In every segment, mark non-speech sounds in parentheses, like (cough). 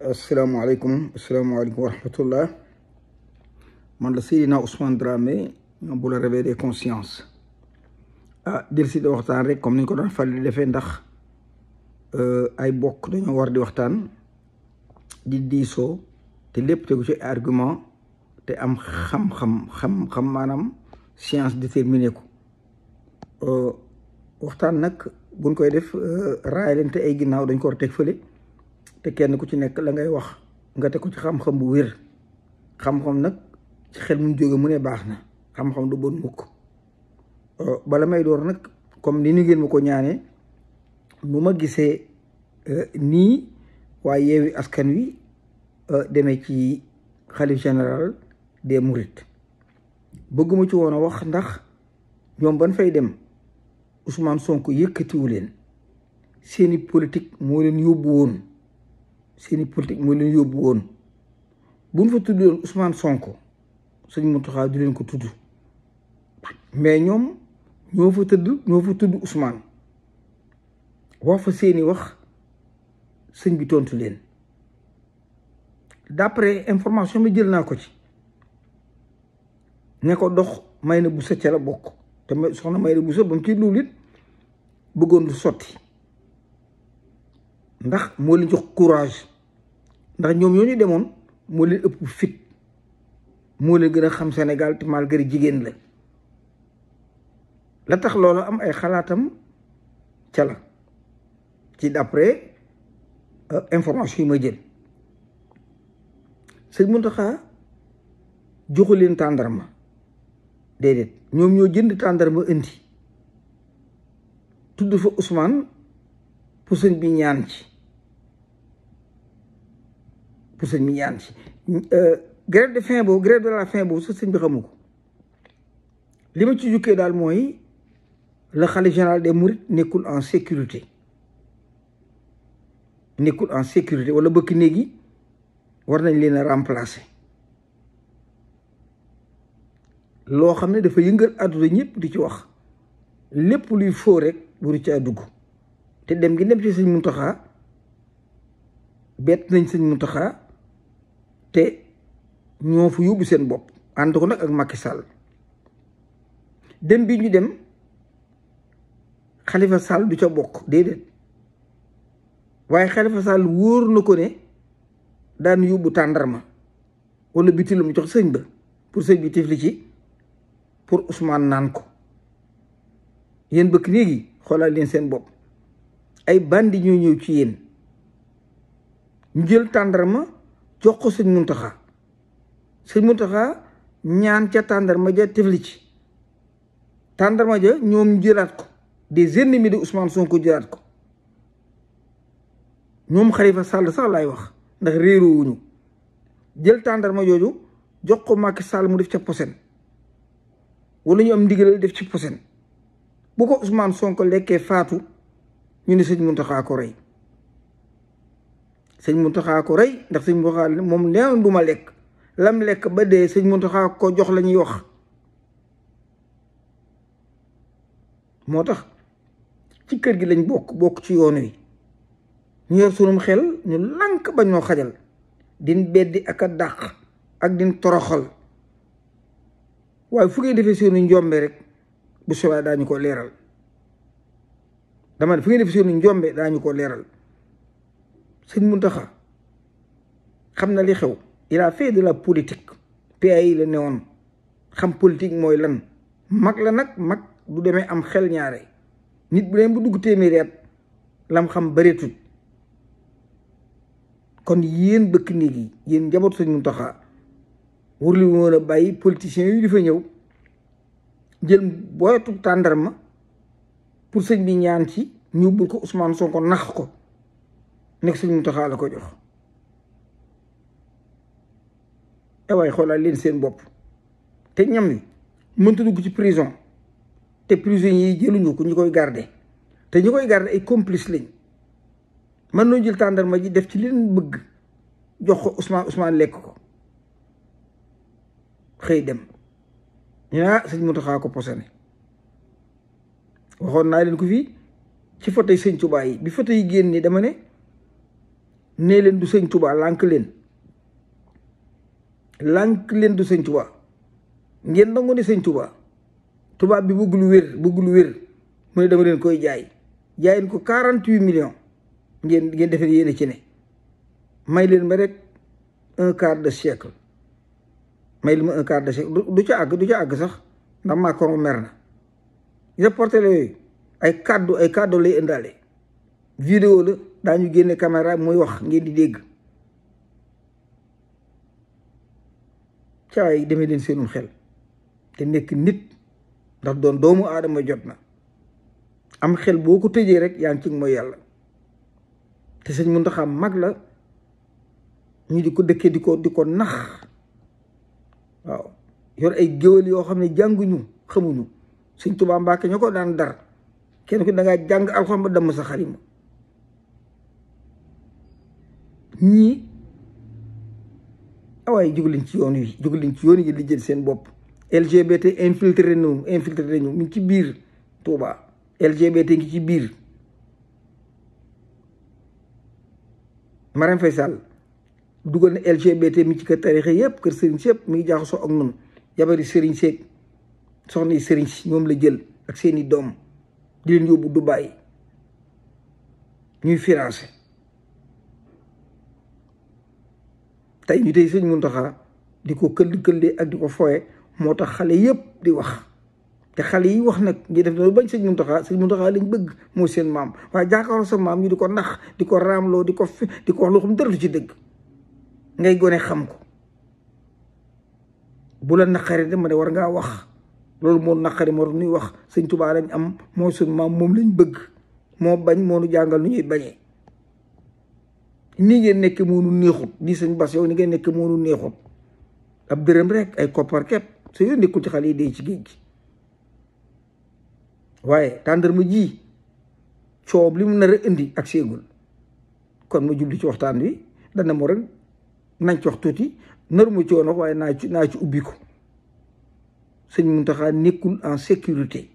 asalaamaaleykum asalaamaaleykum wa rahmatullah man la Seydina Ousmane Dramé bu la réveillé conscience ah del si waxtaan rek comme ni ñu ko doon fal di defee ndax euh, ay bokk dañoo war di waxtaan di diisoo te lépp tegu ci argument te am xam-xam xam-xam maanaam science déterminée ko euh, waxtaan nag buñ koy def euh, raayalante ay ginnaaw dañ ko war teg fële te kenn ku ci nekk la ngay wax nga te ko ci xam-xam bu wér xam-xam nag ci xel mu jóge mu ne baax na xam-xam du bon mukk euh, bala may door nag comme ni ñu ngeen ma ko ñaane nu ma gisee euh, nii waaye yeewi askan wi euh, demee ci xalif général des Mourides bëgguma ci woon a wax ndax ñoom ban fay dem Ousmane Sonko yëkkatiwu leen seeni politique moo leen yóbbu woon seeni politique mooy leen yóbbu woon buñ fa tuddoon Ousmane Sonko sëñ Mountakha du leen ko tudd mais ñoom ñoo fa tëdd ñoo fa tudd Ousmane wax fa seeni wax sëñ bi tontu leen d'après information bi jël naa ko ci ne ko dox may na bu sa ca la bokk te ma soxna may na bu sa ba mu ci luul bëggoon lu sotti ndax moo leen jox courage ndax ñoom ñoo demoon moo leen ëpp fit moo leen gën a xam Sénégal te malgré jigéen la la tax loolu am ay xalaatam ca la ci d'après euh, information yi ma jël sëñ Mountakha joxu leen tàndarma déedéet ñoom ñoo jënd tàndarma indi tudd fa Ousmane pour bi ñaan ci pour sëñ bi ñaan ci euh, grève de faim boobu grève de la faim boobu sa sëñ bi xamu ko li ma ci jukkee daal mooy le khalife général des mourides nekkul en sécurité nekkul en sécurité wala bëkk néeg yi war nañ leen a remplacer loo xam ne dafa yëngal àdduna ñëpp di ci wax lépp luy foo rek buru caa dugg te dem gi dem ci sëñ Muntaxa bett nañ sëñ Muntaxa te ñoo fa yóbbu seen bopp ànd nag ak Macky Sall dem bi ñu dem xalifa Sall du ca bokk déedéet waaye Khalifa Sall wóor na ko ne daan yóbbu tàndarma wala biti lu mu jox sëñ ba pour sëñ bi tifli ci pour Ousmane naan ko yéen bëkk léegi xoolal leen seen bopp ay bandi ñoo ñëw ci yéen ñu jël tàndarma jox ko sëñ Muntaxa sëñ Muntaxa ñaan ca tàndarma ja tefli ci tàndarma ja ñoom jëlaat ko des ennemis de Ousmane Sonko jëlaat ko ñoom xarifa Sall sax laay wax ndax réeroowuñu jël tàndarma jooju jox ko Macky Sall mu def ca posen wala ñu am ndigalal def ci posen bu ko Ousmane Sonko lekkee faatu ñu ne sëñ Muntaxa ko rey sëñ Muntaxa ko rey ndax sëñ Muntaxa moom leen du ma lekk lam lekk ba dee sëñ Muntaxa ko jox lañuy wax moo tax ci kër gi lañ bokk bokk ci yoon wi ñu yor sunum xel ñu lànk ba ñoo xajal din beddi ak a dàq ak din toroxal waaye fu ngay defee seenu njombe rek bu soobee daañu ko leeral dama ne fu ngay defee seenu njombe daañu ko leeral sëñ Muntaxa xam na li xew il fait de la politique PAI la newoon xam politique mooy lan mag la nag mag du demee am xel ñaare nit bu leen bu dugg téeméeri at lam xam bëreetul kon yéen bëkk néeg yi yéen njaboot sëñ Muntaxa warlu woon a bàyyi politiciens yi di ñëw jël boyatu tàndarma pour sëñ bi ñaan ci ñu bul ko Ousmane Sonko nax ko nekk suñ mu taxaa ko jox ewaay eh xoolaat leen seen bopp te ñam wi mënta dugg ci prison te prison yi jëluñu ko ñu koy garde te ñu koy garde ay complice lañ mën noo jël tàndarma ji def ci leen bëgg jox ko Ousmane Ousmane lekk ko xëy dem ñu naa ah, sëñ Mountakha ko posone waxoon naa leen ko fii ci foto yi sëñ Tuubaa yi bi foto yi génn ni dama ne nee leen du sëñ Tuubaa lànk leen lànk leen du sëñ Tuubaa ngeen nangu ne sëñ Tuubaa tubaab bi bëgg lu wér bëgg lu wér mu ne dama leen koy jaay jaayin ko quarante-huit million ngeen ngeen defee yéen ci ne may leen ma rek un quart de siècle may lu ma un quart de siècle du ca àgg du ca àgg sax ndax Macron mer na reporté la yooyu ay kàddu ay kàddu lay indaale vidéo la daañu génne caméra muy wax ngeen di dégg cawaay demee leen seenu xel te nekk nit ndax doon doomu aadama jot na am xel boo ko tëjee rek yaa ngi ci mooy yàlla te sëñ Muntaxa mag la ñu di ko dëkkee di ko di ko nax waaw yor ay géwél yoo xam ne jànguñu xamuñu sëñ Tuubaa Mbàkke ñoo ko daan dar kenn ku dangaa jàng alxuraan ba damm sa xarima ñii ah waaye jóg leen ci yoon wi jóg ci yoon yi di jël seen bopp LGBT infiltré nañu infiltré nañu mu ngi ci biir Touba LGBT ngi ci biir Marème Faye Sall dugal na LGBT mi ci kër tarixe yëpp kër sëriñ si yëpp mi ngi jaaxasoo ak noonu yabari sëriñ seeg soxna yi sëriñ si ñoom la jël ak seeni doom di leen yóbbu Dubaay ñuy financé tey ñu dey sëñ Muntaxa di ko këll këllee ak di ko fooye moo tax xale yëpp di wax te xale yi wax nag ngi def na bañ sëñ Muntaxa sëñ Muntaxa lañ bëgg moo seen maam waaye jàkkaarloo sa maam ñu di ko nax di ko raamloo di ko fi di ko wax loo xam dara ci dëgg ngay gone xam ko bu la naqari dama ne war ngaa wax loolu moo naqari moo tax ñuy wax sëñ Tuubaa lañ am mooy suñ maam moom lañ bëgg moo bañ moo nu jàngal nu ñuy bañee nii ngeen nekk moonu neexut di sëñ Bass yow ni ngeen nekk moonu neexut ab dërëm rek ay koppar kepp su yoon nekkul ci xale yi dee ci géej gi waaye tàndarma ji coob li mu nar a indi ak séegul kon ma jubli ci waxtaan wi dana mo ren nañ ci wax tuuti naru ma coono waaye naa ci naa ci ubbi ko sëñ Muntaxa nekkul en sécurité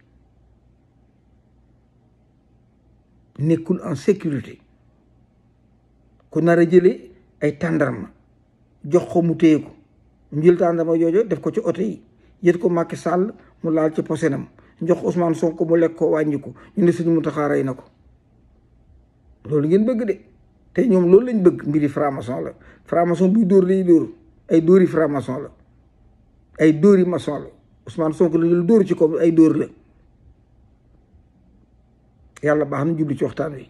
nekkul en sécurité ku nar a jëlee ay tàndarma jox ko mu téye ko mu jël tàndarma joojo def ko ci oto yi yët ko Macky sàll mu laal ci posenam jox Ousmane Sonko mu lekk ko wàññi ko ñu ne suñu mu taxaaray na ko loolu ngeen bëgg de te ñoom loolu lañ bëgg mbiri franc-maçon la franc-maçon buy dóor lay dóor ay dóori franc-maçon la ay dóori mason la Ousmane sonk la dóor ci kaw ay dóor la yàlla baax na jublu ci waxtaan wi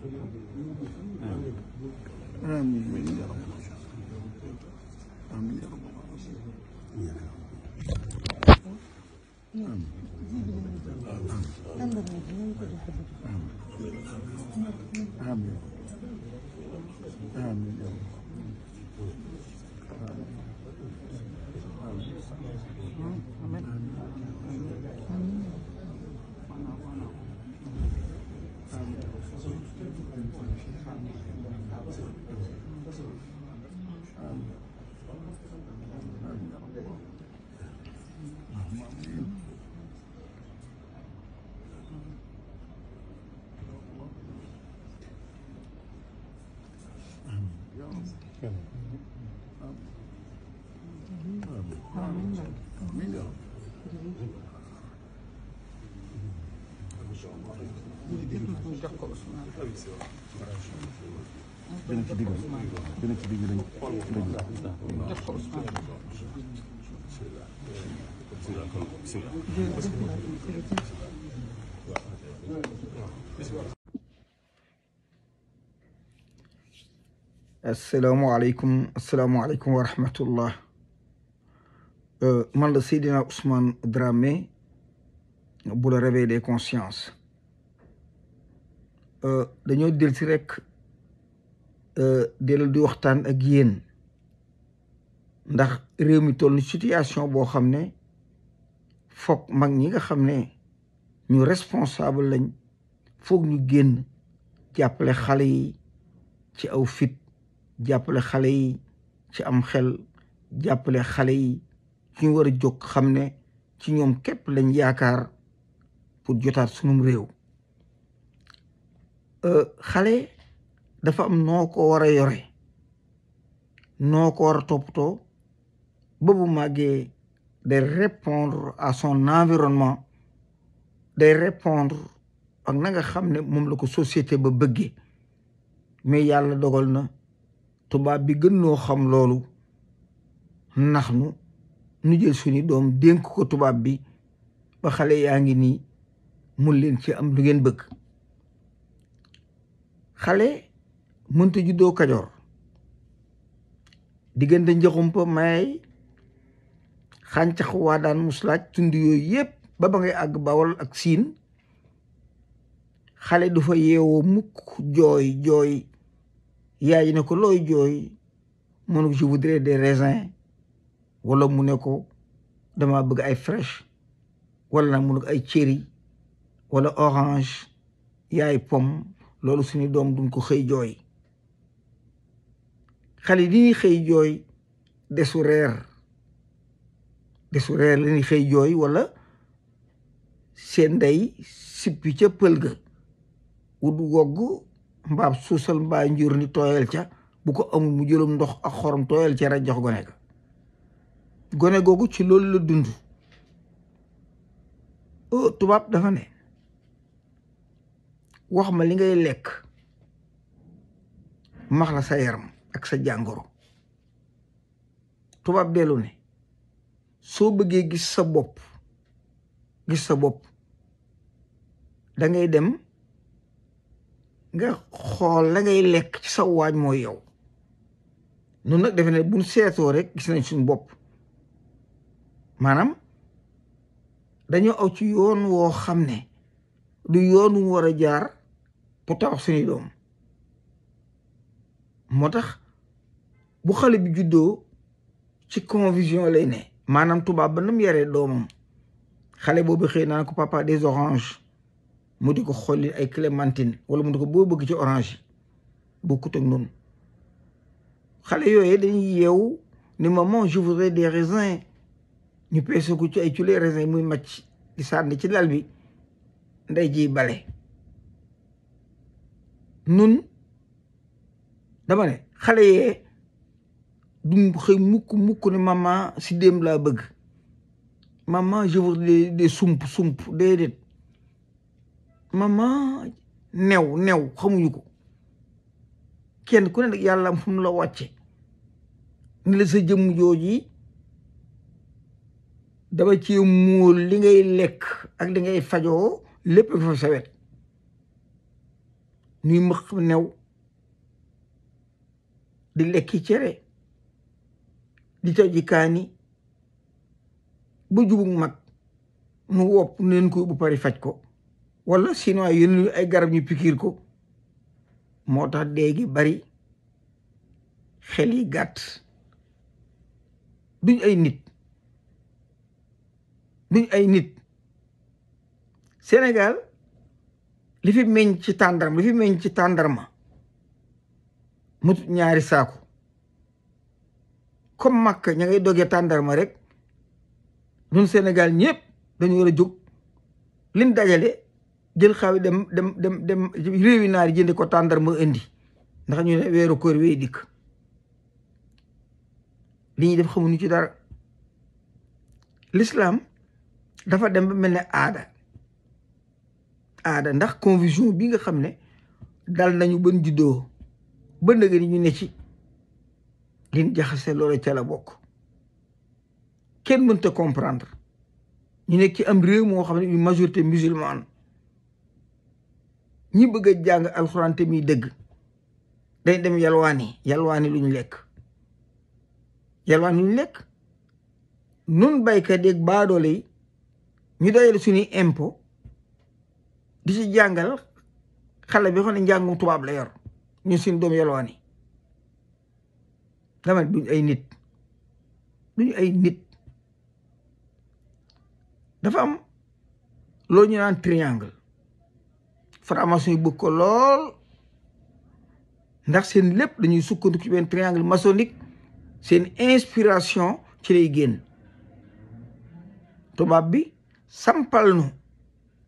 Amin ya Rabbi. Amin ya Rabbi. Amin. Amin. Jox ko Ousmane dana ci digg dana ci digg dañ asalaamaaleykum asalaamaaleykum wa rahmatullah euh, man la Seydina Ousmane Dramé bu la réveil des consciences euh, dañoo delsi rek Euh, dellu du waxtaan ak yéen ndax réew mi toll ni situation boo xam ne foog mag ñi nga xam ne ñu responsable lañ foog ñu génn jàppale xale yi ci aw fit jàppale xale yi ci am xel jàppale xale yi ci ñu war a jóg xam ne ci ñoom képp lañ yaakaar pour jotaat sunum réew euh, xale dafa am noo ko war a yore noo ko war a toppatoo ba bu màggee day répondre à son environnement day repondre ak na nga xam ne moom la ko société ba bëggee mais yàlla dogal na tubaab bi gën noo xam loolu ndax nu nu jël suñu doom dénk ko tubaab bi ba xale yaa ngi nii mun leen ci am lu ngeen bëgg xale mënta juddoo kajoor diggante njëxumpa may xàncax waa daan muslaaj tund yooyu yëpp ba ba ngay àgg bawol ak siin xale du fa yeewoo mukk jooy jooy yaay ne ko looy jooy mënu ju je voudrais raisin walla wala mu ne ko dama bëgg ay fraîche wala mu ne ay ceri wala orange yaay pom loolu suñu doom duñ ko xëy jooy xale li ñuy xëy jooy desu reer desu reer li ñuy xëy jooy wala seen dey sippi ca pël ga wut wogg mbaab suusal mbaa njur ni tooyal ca bu ko amul mu jëlum ndox ak xorom tooyal ca rek jox gone ga gone googu ci loolu la dund tubaab dafa ne wax ma li ngay lekk max la sa yaram ak sa jàngoro tubaab dellu ne soo bëggee gis sa bopp gis sa bopp dangay dem nga xool la ngay lekk ci sa waañ mooy yow nun nag defe ne buñ seetoo rek gis nañ suñu bopp maanaam dañoo aw ci yoon woo xam ne du yoon wu war a jaar pour tabax suñuy doom moo tax bu xale bi juddoo ci confusion lay ne maanaam tubaab ba nam yaree doomam xale boobu xëy naa ko papa des oranges mu di ko xolli ay clémentine wala mu di ko boo bëgg ci orange bokkut ak noonu xale yooyu dañuy yeewu ni maman je voudrais des raisins ñu peese ci ay culee raisins muy màcc di ci lal bi nday ji bale nun damane ne xale yee du xëy mukk mukk ne maman si déem laa bëgg mama je veux des sump sump déedéet maman new new xamuñu ko kenn ku ne nag yàlla fu mu la wàcce ni la sa jëmm jooji dama ci muul li ngay lekk ak li ngay fajoo lépp fa sa wet nuy mëq new di lekki cere di taji kaani ba jubug mag mu wopp neen ko bu pari faj ko walla sinon yéen ay garab ñu pikiir ko moo tax dee bari xeli yi gàtt duñ ay nit duñ ay nit senegal li fi meññ ci tàndarma li fi meññ ci tàndarma mut ñaari saako comme Makka ña ngay dogee tàndarma rek ñun Sénégal ñëpp dañu war a jóg liñ dajale jël xaaw yi dem dem dem dem réewi naar yi ko tàndarma indi ndax ñu ne weeru koor wee dikk li ñuy def xamuñu ci dara l'islam dafa dem ba mel ne aada aada ndax confusion bi nga xam ne dal nañu bën juddoo ba ndëgëni ñu ne ci lin jaxasee loola ca la bokk kenn mënta comprendre ñu nekk ci am réew moo xam ne majorité musulmane ñi bëgg a jàng alxuraan te dëgg dañ dem yalwaani yalwaani lu ñu lekk yalwaani lu ñu lekk nun baykat yeeg baadoole yi ñu dajale suñuy impôt di ci jàngal xale bi xam ne njàngum tubaab la yor ñu suñ doom yalwaani dama duñ ay nit duñu ay nit dafa am loolu ñu naan triangle franc-maçon ko lool ndax seen lépp dañuy sukkandiku ci benn triangle maçonnique seen inspiration ci lay génn tubaab bi sampal nu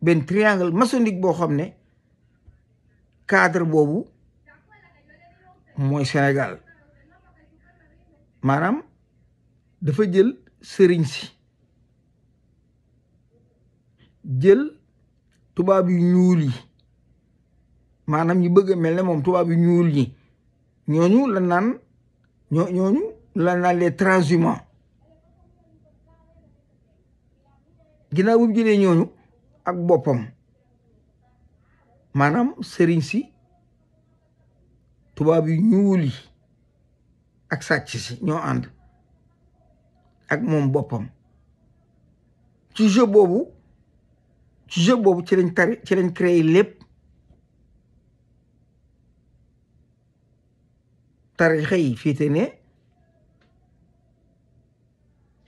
benn triangle maçonnique boo xam ne cadre boobu mooy Sénégal maanaam dafa jël sëriñ si jël tubaab yu ñuul yi maanaam ñu bëgg a mel ne moom tubaab yu ñuul yi ñooñu la naan ñoo ñooñu la naan les transhumants ginnaaw bu jëlee ñooñu ak boppam maanaam sëriñ si tubaab yu ñuul yi ak sàcc si ñoo ànd ak moom boppam ci jeu boobu ci jeu boobu ci lañ tari lépp tarixa yi féete ne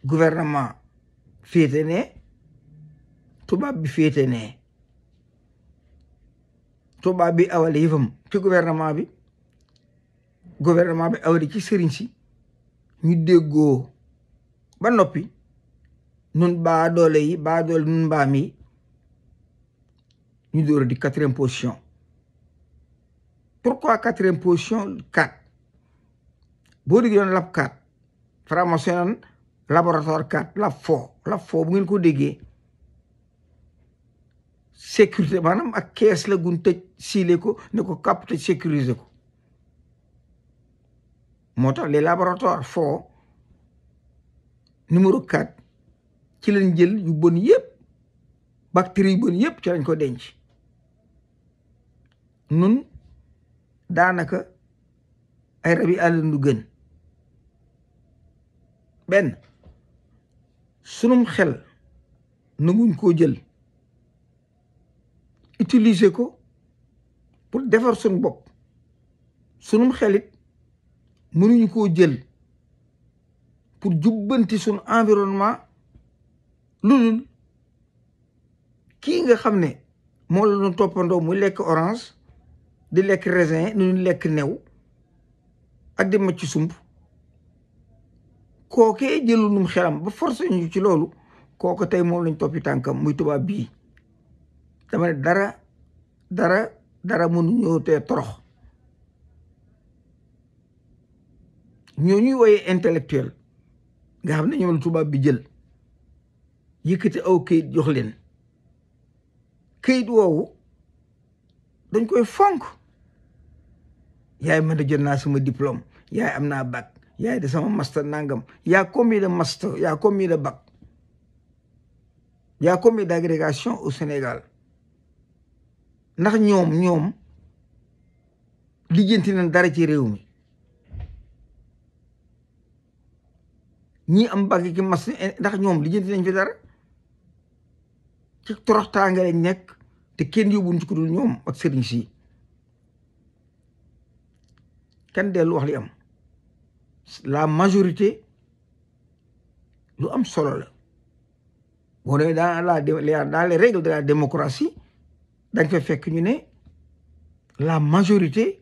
gouvernement féete ne tubaab bi féete ne tubaab bi awale yëfam ci gouvernement bi gouvernement bi awri ci sëriñ si ñu déggoo ba noppi nun baa doole yi baa doole nun mbaam yi ñu dóor di quatrième position pourquoi quatrième position quatre boo déggee doon lab quatre franc-maçon naan laboratoire quatre lab foo lab foo bu ngeen ko déggee sécurité maanaam ak kees la gun te siile ko ne ko kàpp tëj sécuriser ko moo tax les laboratoires faux numéro 4 ci lañ jël yu bon yëpp bactéries yu bon yëpp ci lañ ko denc nun daanaka ay rabi àll gën benn sunum xel nanguñ koo jël utiliser ko pour defar suñ bopp sunum xelit mënuñu ko jël pour jubbanti suñ environnement lu dul kii nga xam ne moo la doon toppandoo muy lekk orange di lekk raisin nu ñu lekk new ak ma ci sumb kookee jëlu num xelam ba force ñu ci loolu kooku tey moom lañ toppi tànkam muy tubaab bii dama ne dara dara dara mënuñoo tee torox ñoo ñuy wooyee intellectuel nga xam ne ñoom la tubaab bi jël yëkkati aw kayit jox leen kayit woowu dañ koy fonk yaay man da jot naa sama diplôme yaay am naa bac yaay de sama master nangam yaa combien de master yaa combien de bac yaa au Sénégal ndax ñoom ñoom lijjanti nañ dara ci réew mi ñii am baggi ki mas eh, ndax ñoom lijjanti nañ fi dara ci toroxtaange lañ nekk te kenn yóbbuñ ci ku dul ñoom ak sëriñ si kenn dellu wax li am la majorité lu am solo la boo nee dans la dans les de la démocratie dañ fa fekk ñu ne la majorité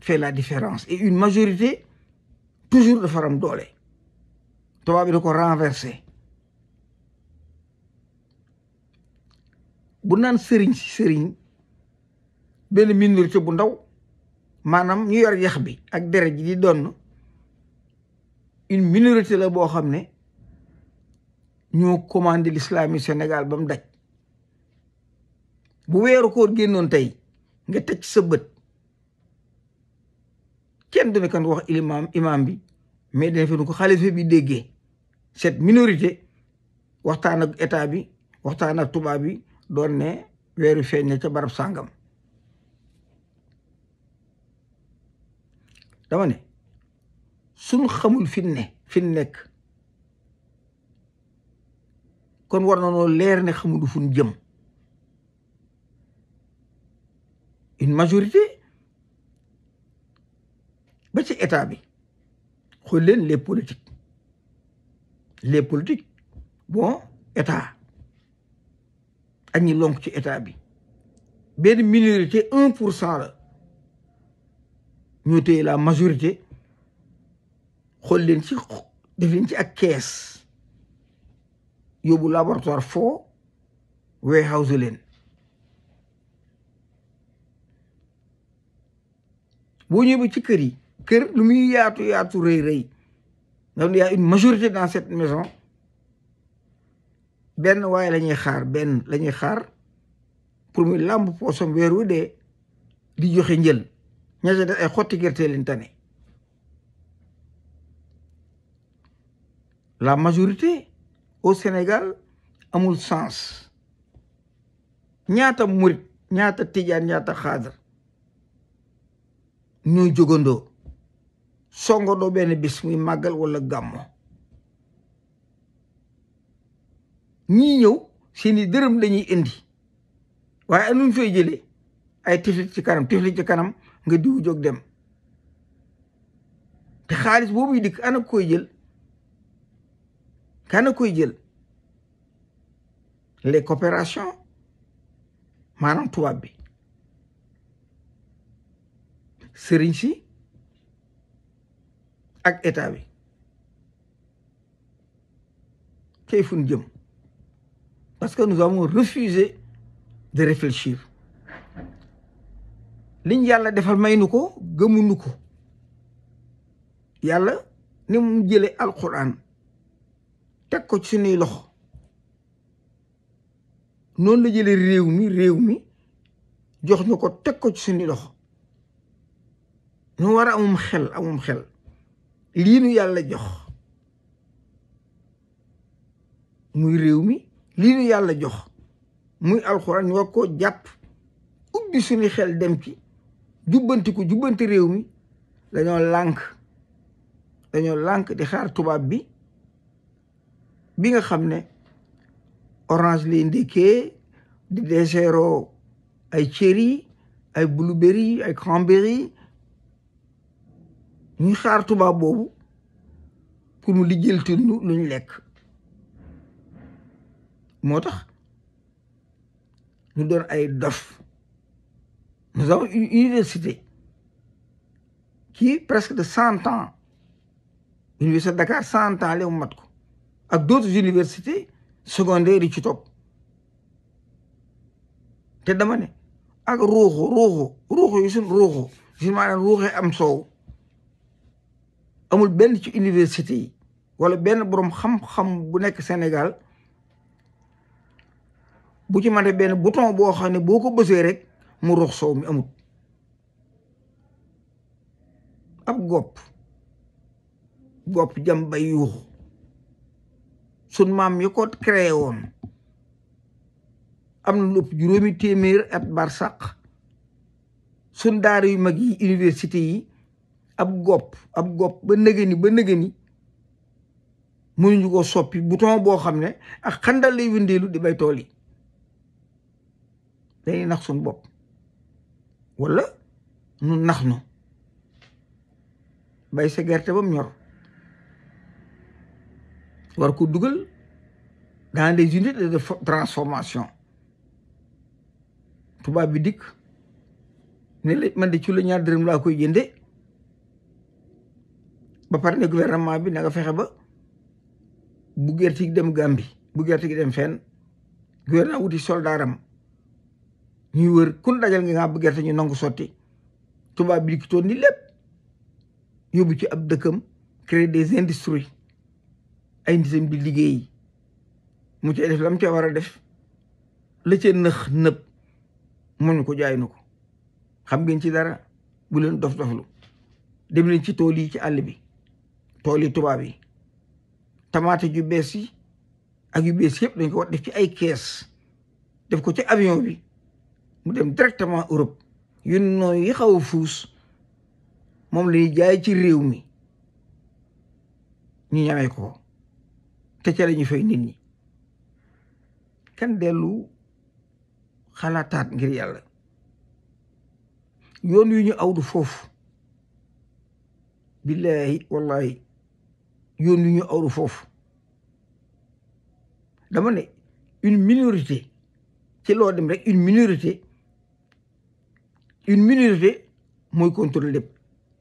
fait la différence et une majorité toujours dafa am doole tubaab bi da ko renversé bu naan sëriñ si sëriñ benn minorité bu ndaw maanaam ñu yor yax bi ak deret ji di doon une minorité la boo xam ne ñoo commandé l'islam yi Sénégal ba mu daj bu weeru koor génnoon tey nga teg sa kenn du ne kan wax imaam imaam bi mais dafa nu ko xalifa bi déggee cette minorité waxtaan ak état bi waxtaan ak tubaab bi doon ne weeru feeñ na ca barab sàngam dama ne suñ xamul fi ne fi nekk kon war na noo leer ne xamul fu jëm une majorité ba ci état bi xool leen les politiques les politiques bon état ak ñi lonk ci état bi benn minorité un pour cent la ñoo téye la majorité xool leen ci def ci ak kees yóbbu laboratoire foo warehouse leen boo ñëwee ci kër yi kër lu muy yaatu yaatu rëy rëy donc il y a une majorité dans cette maison benn waaye lañuy ñuy xaar benn la ñuy xaar pour muy làmb poosam weer wu dee di joxe njël ñaata def ay xotti gerte leen la majorité au Sénégal amul sens ñaata murit ñaata tijaan ñaata xaadar ñoo jógandoo songo doo benn bis muy màggal wala gàmmo ñii ñëw seeni dërëm lañuy indi waaye anuñ fay jëlee ay tiflit ci kanam tiflit ci kanam nga diw jóg dem te xaalis boobu dikk ana koy jël kana koy jël les coopérations maanaam tubaab bi sëriñ si ak état bi tey jëm parce que nous avons refusé de réfléchir liñ yàlla defal may nu ko gëmunu ko yàlla ni mu jële alquran teg ko ci suñuy lox noonu la jële réew mi réew mi jox ñu ko teg ko ci suñuy loxo ñu war a amum xel amum xel lii nu yàlla jox muy réew mi lii nu yàlla jox muy alxuraan ñu war koo jàpp ubbi suñu xel dem ci jubbanti ko jubbanti réew mi dañoo lànk dañoo lànk di xaar tubaab bi bi nga xam ne orange lay ndékkee di deseeroo ay cherry ay blueberry ay cranberry ñuy xaar tubaab boobu pour mu lijjanti nu luñ lekk moo tax ñu doon ay dof nous avons une université qui presque de cent ans université de Dakar cent ans la mu mat ko ak d'autres universités secondaires yi ci topp te dama ne ak ruuxu ruuxu ruuxu yi suñ ruuxu suñ maanaam ruuxee am soow amul benn ci université yi wala benn boroom xam-xam bu nekk Sénégal bu ci mante benn bouton boo xam ne boo ko bësee rek mu rox soow mi amut ab gopp gopp jam bay yuuxu sun maam yi ko créé woon am na lu ëpp juróomi téeméer at barsàq sun daara yu mag yi université yi ab gopp ab gopp ba nëgëni ba nëgëni mënuñu ko soppi bouton boo xam ne ak xandal lay wëndeelu di bay tool yi dañuy nax suñu bopp wala nu nax nu bay sa gerte ba mu ñor war ko dugal dans des unités de transformation tubaab bi dikk ne la man de ci la ñaar dërëm laa koy jënde ba pare ne gouvernement bi na fexe ba bu gerte gi dem Gàmbi bu gerte gi dem fenn gouvernement wuti soldaaram ñuy wër kun dajal nga nga bu gerte ñu nangu sotti tubaab bi dikitoon ni lépp yóbbu ci ab dëkkam créer des industries ay ndisam di liggéey mu cay def lam ca war a def la ca nëx nëb mun ñu ko jaay na ko xam ngeen ci dara bu leen dof doflu dem leen ci tool yi ci àll bi tooli tubaab yi tamaate ju bees yi ak yu bees yëpp dañ def ci ay kees def ko ci avion bi mu dem directement Europe yu noonu yi xaw a fuus moom lañuy jaay ci réew mi ñu ñamee ko te ci la ñu fay nit ñi kan delu xalaataat ngir yàlla yoon wi ñu awdu foofu billahi yoon wi ñu awru foofu dama ne une minorité ci loo dem rek une minorité une minorité mooy contrôle lépp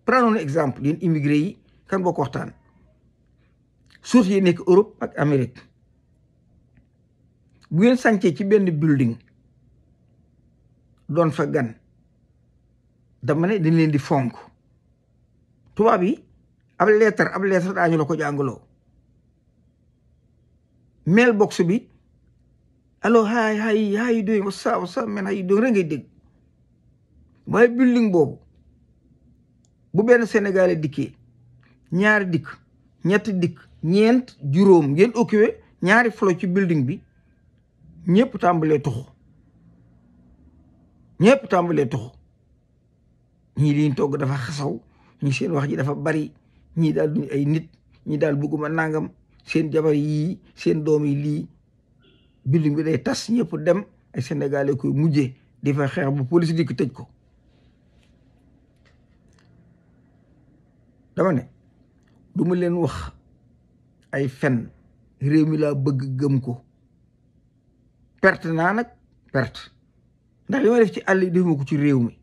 prenons exemple yéen immigré yi kan bokk waxtaan suuf yi nekk Europe ak Amérique bu ngeen sàncee ci benn building doon fa gan dama ne dañ leen di fonk tubaab yi ab leetar ab leetar daañu la ko jàngaloo mail box bi alo hi hi how you doing what's up what's up man how you doing waaye building boobu bu benn Sénégalais dikkee ñaari dikk ñetti dikk ñeent juróom ngeen occupé ñaari flo ci building bi ñëpp tàmbalee tuxu ñëpp tàmbalee tuxu ñii liñ togg dafa xasaw ñi seen wax dafa bari ñii daal duñ ay nit ñii daal bëgguma nangam seen jabar yii seen doom yi lii building bi day tas ñëpp dem ay sénégalais koy mujjee di xeex bu police dikk tëj ko dama ne du ma leen wax ay fen réew mi laa bëgg gëm ko pert naa nag perte ndax li ma def ci àll yi defuma ko ci réew mi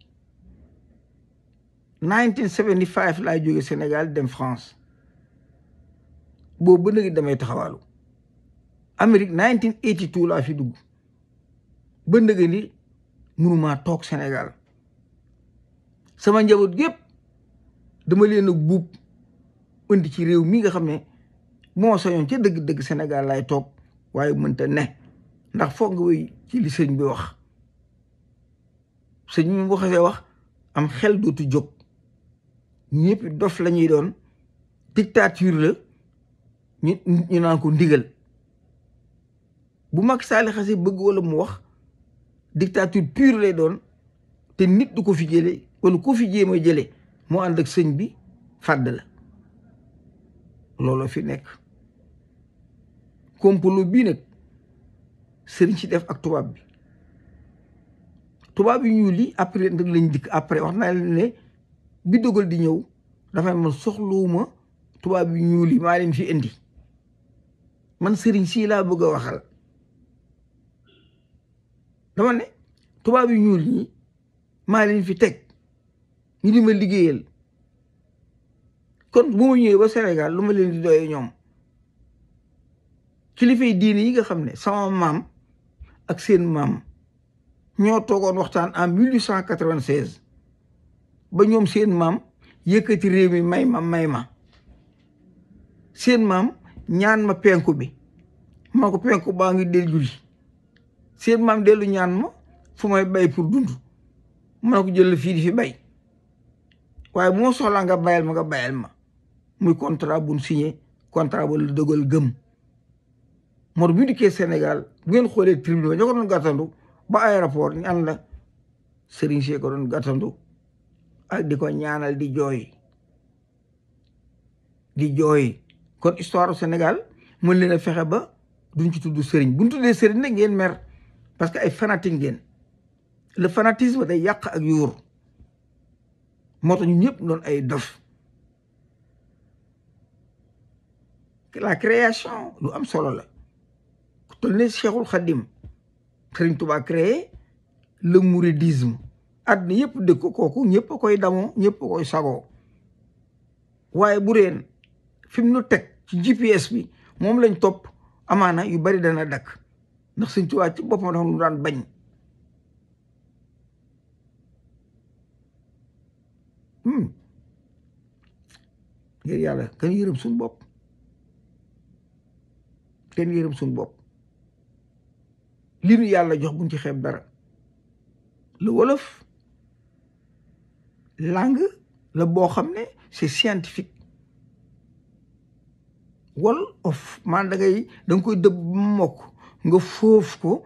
1975 laa jóge Sénégal dem France boobu ba léegi damay taxawaalu Amérique 1982 laa fi dugg ba léegi ni mënumaa toog Sénégal sama njaboot gépp dama leen a buub indi ci réew mi nga xam ne moo sañoon ca dëgg-dëgg Sénégal laay toog waaye mënta ne ndax foog nga wéy ci li sëñ bi wax sëñ bi mu waxee wax am xel dootu jóg ñépp dof la ñuy doon dictature la ñu ñu naan ko ndigal bu mag Sall xasee bëgg walla mu wax dictature pure lay doon te nit ko fi jëlee wala ko fi jéem a jëlee moo ànd ak sëñ bi fàdd la looloo fi nekk complot bii nag sëriñ ci def ak tubaab bi tubaab yi ñu lii après nag lañ dikk après wax naa leen di dogal di ñëw dafay man soxluwuma tubaab yu ñuul yi maa leen fi indi man sëriñ si laa bëgg a waxal dama ne tubaab yu ñuul ñi maa leen fi teg ñu di ma liggéeyal kon bu ma ñëwee ba Sénégal lu ma leen di doyee ñoom kilifay diine yi nga xam ne sama maam ak seen maam ñoo toogoon waxtaan en 1896 ba ñoom seen maam yëkkati réew mi may ma may ma seen maam ñaan ma penku bi ma ko penku baa ngi del julli seen maam dellu ñaan ma fu may bay pour dund ma ne ko jël fii di fi bay waaye moo soxlaa nga bayal ma nga bayal ma muy contrat bu ñu signé contrat ba la dëggal gëm mor bu dikkee Sénégal bu ngeen xoolee tribunal ñoo ko doon gàttandu ba aéroport ñu ànd la Serigne Cheikh ko doon gàttandu ak ah, di ko ñaanal di jooy di jooy kon histoire Sénégal mën leen a fexe ba duñ ci tudd sëriñ buñ tuddee sëriñ nag ngeen mer parce que ay fanatique ngeen le fanatisme day yàq ak yuur moo tax ñun ñëpp doon ay dof la création lu am solo la ku toll ne Cheikhul Khadim Sëriñ Tuubaa créé le mouridisme àddina yëpp dëkk kooku ñëpp a koy damoo ñëpp a koy sagoo waaye bu reen fi nu teg ci GPS bi moom lañ topp amaana yu bari dana dakk ndax Sëñ Tuubaa ci boppam dafa lu daan bañ hmm. ngir yàlla kenn yërëm suñu bopp kenn yërëm suñu bopp li nu yàlla jox buñ ci xeeb dara lu wolof langue la boo xam ne c'est scientifique wal of man da ngay koy dëbb mokk nga foof ko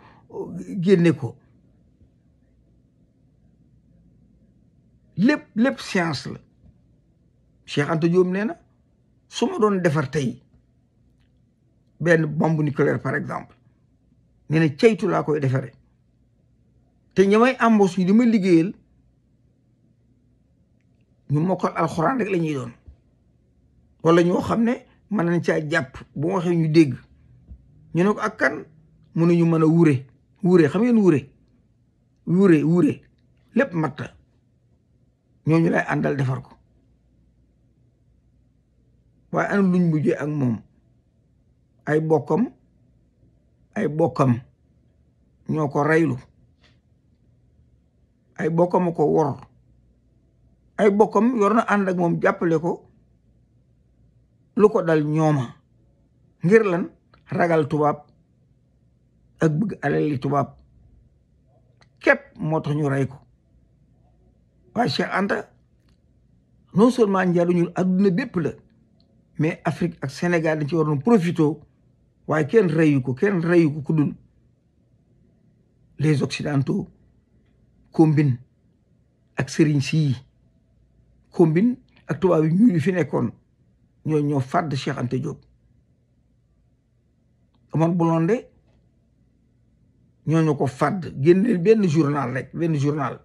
génne ko lépp lépp science la Cheikh Anta Diop ne na su ma doon defar tey benn bombe nucléaire par exemple nee na ceytu laa koy defaree te ñamay embauche yi di ma liggéeyal ñu mokkal alxuraan rek la doon wala ñoo xam ne mën nañ caa jàpp bu waxee ñu dégg ñu ne ko ak kan mënuñu mën a wure wure xam ngeen wure wure wure lépp matta ñooñu lay àndal defar ko waaye ana luñ mujjee ak moom ay bokkam ay bokkam ñoo ko raylu ay bokkam a ko wor ay bokkam yor na ànd ak moom jàppale ko lu ko dal ñooma ngir lan ragal tubaab ak bëgg alali tubaab képp moo tax ñu rey ko waaye Cheikh Anta non seulement njariñu adduna bépp la mais Afrique ak Sénégal dañ ci waroon profité waaye kenn reyu ko kenn reyu ko ku dul les occidentaux combine ak sëriñ sii combine ak tubaab yi ñuul yi fi nekkoon ñoo ñoo fàdd Cheikh Anta Diop Omar Blondin ko fàdd génne benn journal rek benn journal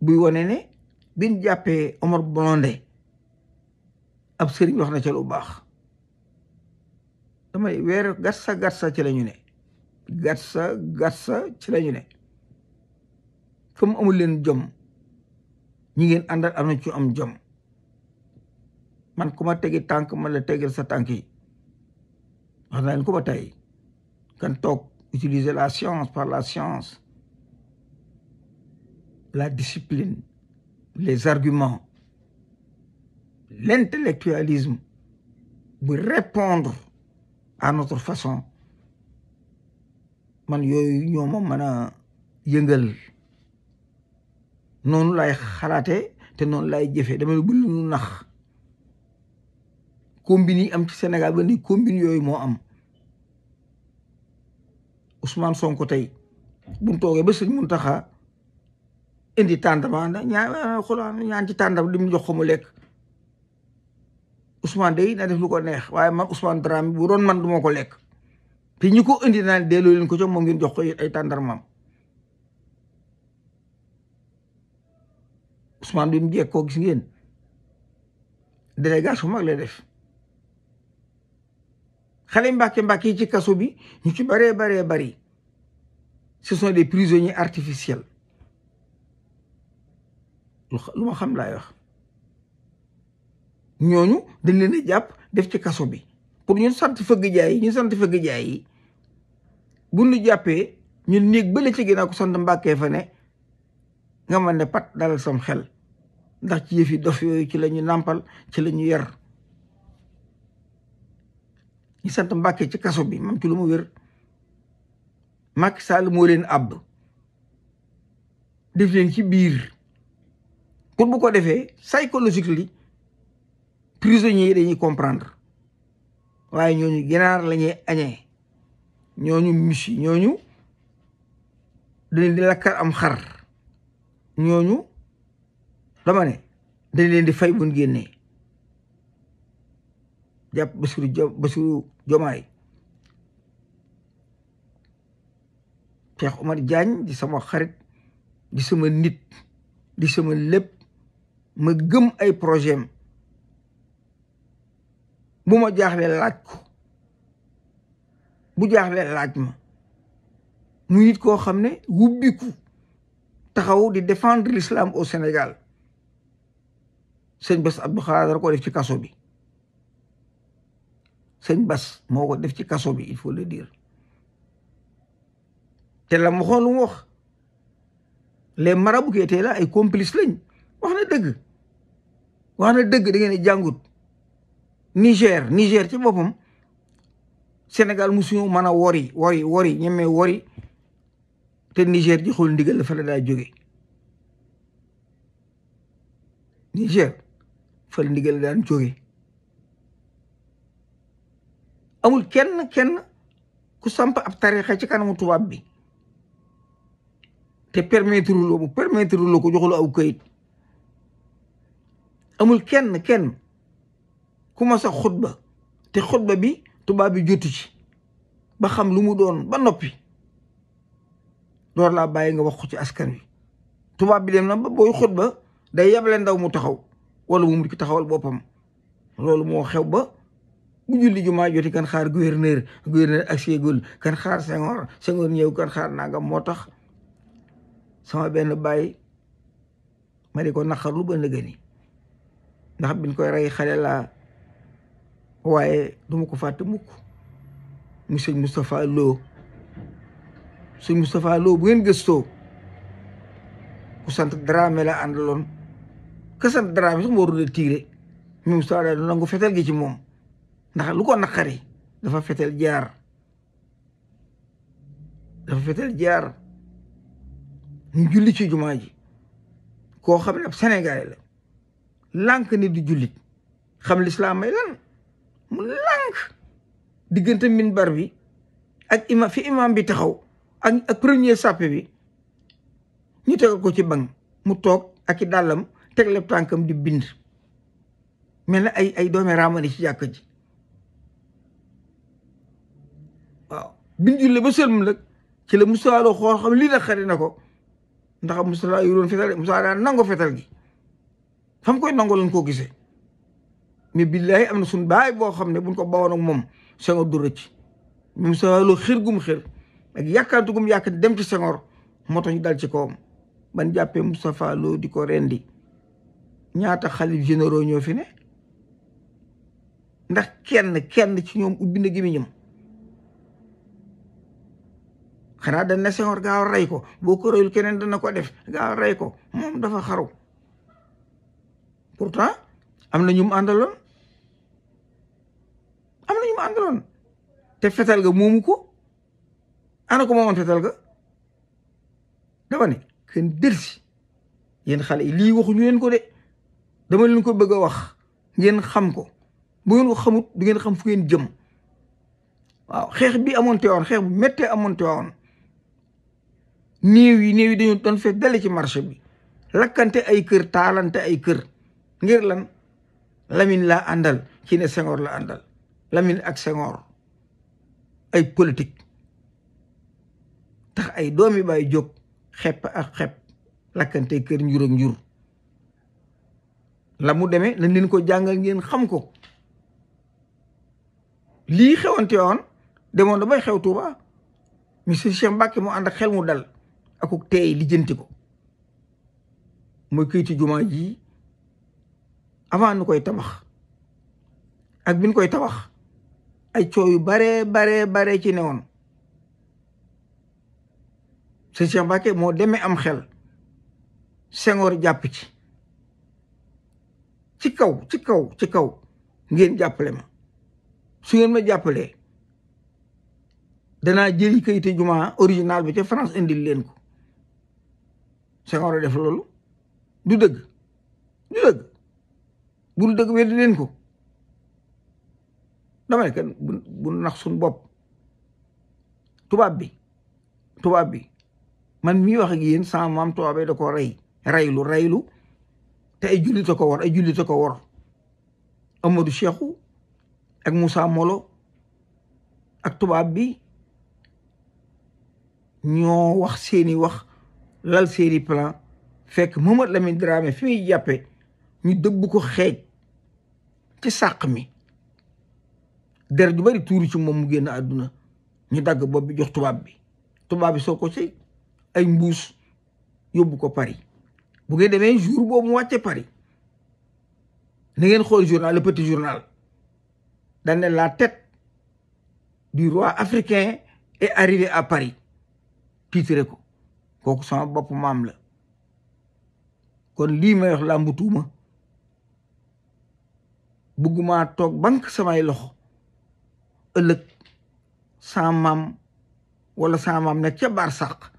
buy wane ne biñ jàppee Omar Blondin ab sëriñ wax na ca lu baax damay weer gatsa gatsa ci la ne gatsa gatsa ci la ñu ne comme amul leen jom ñi ngeen àndal am na ci am jom man ku ma tegi tànk man la tegal sa tànk yi wax naa leen ku ba tey kan toog utiliser la science par la science la discipline les arguments l'intellectualisme bu répondre à notre façon man yooyu ñoo ma mën a yëngal noonu lay xalaatee te noonu laay jëfee dama ne bu lu nu nax combine yi am ci Sénégal ba ni combine yooyu moo am Ousmane Sonko tey bumu toogee ba sëñ Muntaxa indi tàndama ñaa xola ñaan ci tàndam di mu jox ko mu lekk Ousmane day na def lu ko neex waaye man Ousmane Dramé bu doon man du ma ko lekk te ñi ko indi naan delloo leen ko ci moom ngeen jox ko ay tàndarmaam Ousmane bi mu jekkoo gis ngeen délégation mag lay def xale mbàkke yi ci kaso bi ñu ci baree baree bari ce sont des prisonniers artificiels lu ma xam laay wax ñooñu dañ leen a jàpp def ci kaso bi pour ñun sant fëgg jaay yi ñu sant fëgg jaay yi bu ñu jàppee ñun néeg bële ci ginnaaw ko sant mbàkkee fa nga mën ne pat dalal som xel ndax ci yëfi dof yooyu ci la ñu nàmpal ci la ñu yar ñi sant Mbàkke ci kaso bi mam ci lu mu wér Macky Sall moo leen àbb ci biir pour bu ko defee psychologique li prisonniers yi dañuy comprendre waaye ñooñu ginaar la ñuy añee ñooñu musi ñooñu dañ di lakkar am xar ñooñu dama ne dañ leen di fay buñ génnee jàpp Bassirou jo Bassirou Diomaye Cheikh di sama xarit di sama nit di sama lépp ma gëm ay projet am bu ma jaaxle laaj ko bu jaaxle laaj ma mu nit koo xam ne wubbiku taxaw di défendre l'islam au Sénégal sëñ Bass Abdou Khadre def ci kaso bi sëñ Bass moo ko def ci kaso bi il faut le dire te la mu waxoon lu les marabu kee la ay complice lañ wax dëgg wax na dëgg da ngeen jàngut Niger Niger ci boppam senegal musuñu mën a wori wori wori ñemee wori te Niger di xool ndigal la fa daa jóge Niger fa la ndigal daan jóge amul kenn kenn ku samp ab tarixa ci kanamu tubaab bi te permettre loo mu permettre loo ko joxul aw kayit amul kenn kenn ku mas a xutba te xutba bi tubaab bi jotu ci ba xam lu mu doon ba noppi door laa bàyyi nga wax ko ci askan wi tubaab bi dem na ba booy xutba day yabale ndaw mu taxaw wala mu mujj ko taxawal boppam loolu moo xew ba bu julli jumaa joti kan xaar gouverneur gouverneur ak séegul kan xaar Senghor Senghor ñëw kan xaar nangam moo tax sama benn bàyyi ma di ko lu ba nëgëni ndax biñ ko rey xale laa waaye du ma ko fàtte mukk mu sëñ Moustapha Lo sëñ Moustapha Lo bu ngeen gëstoo ku sant Dramé la àndaloon Gassama Dramé su ma waroon a tiire même Moussa Dramé nangu fetel gi ci moom ndax lu ko naqari dafa fetel jaar dafa fetel julli ci jumaa ji koo xam ne ab lank la lànk ni du jullit xam lislaam may lan mu lànk diggante minbar bi ak ima fi imam bi taxaw ak ak premier sàppe bi ñu teg ko ci bang mu toog ak i dàllam tegle tànkam di bind mel na ay ay doome raamani ci jàkk ji waaw bind julle ba sëlmu nag ci la Moussa loo xool xam lii nag xari na ko ndax Moussa yu doon fetal Moussa daan gi fam koy nango lañ koo gise mais billaahi am na suñ baay boo xam ne buñ ko bawoon ak moom Senghor du rëcc Moussa loo xir gum xir ak yàkkaatu gum yàkk dem ci Senghor moo tax dal ci kawam ban jàppee Moustapha Lo di ko rendi ñaata xalif généraux ñoo fi ne ndax kenn kenn ci ñoom ubbi na gémmiñam xanaa dañ ne Senghor gaaw rey ko boo ko reyul keneen dana ko def gaaw rey ko moom dafa xaru pourtant am na ñum mu am na ñu mu te fetal ga moomu ko ana ko moomoon fetal ga dama ne kenn delsi yéen xale i lii waxuñu leen ko de dama leen ko bëgg a wax ngeen xam ko bu ngeen ko xamut du ngeen xam fu ngeen jëm waaw xeex bi amoon teewoon xeex bu méttee amoon teewoon néew yi néew yi dañu doon fekk dale ci marché bi lakkante ay kër taalante ay kër ngir lan Lamine la àndal ci ne Senghor la àndal lamin ak Senghor ay politik tax ay doomi bàyyi jóg xepp ak xepp lakkante kër njur ak njur la mu demee lañ leen ko jàngal ngeen xam ko lii xewante woon demoon da bay xew Touba monsieur Cheikh Mbacke mu ànd ak xel mu dal akuk teey lijjanti ko mooy këyiti jumaa ji avant nu koy tabax ak bin koy tabax ay coow yu bare bare bare ci newoon monsieur Cheikh Mbacke moo demee am xel Senghor jàpp ci ci kaw ci kaw ci kaw ngeen jàppale ma su ngeen ma jàppalee danaa jëli kayite jumaa original bi ca France indil leen ko Senghor a def loolu du dëgg du dëgg bu du dëgg weddi leen ko dama ne kan bu nax suñ bopp tubaab bi tubaab bi man mii wax ak yéen sama maam tubaabee da ko rey reylu reylu te ay jullite ko war ay jullite ko wor amadu Cheikhou ak Moussa Molo ak tubaab bi ñoo wax seeni wax lal seeni plan fekk Mamadou Lamine Dramé fi muy jàppe ñu dëbb ko xeej ci sàq mi der ju bari tuuru ci moom mu génn àdduna ñu dagg bopp bi jox tubaab bi tubaab bi soo ko ci ay mbuus yóbbu ko Paris bu ngeen demee jour boobu mu wàcce Paris na ngeen xool journal le petit journal daan ne la tête du roi africain est arrivée à Paris tiitre ko kooku sama bopp maam la kon lii may wax laa mbutuuma bëgguma toog bank samay loxo ëllëg sa mam wala sa mam ne ca baar sàq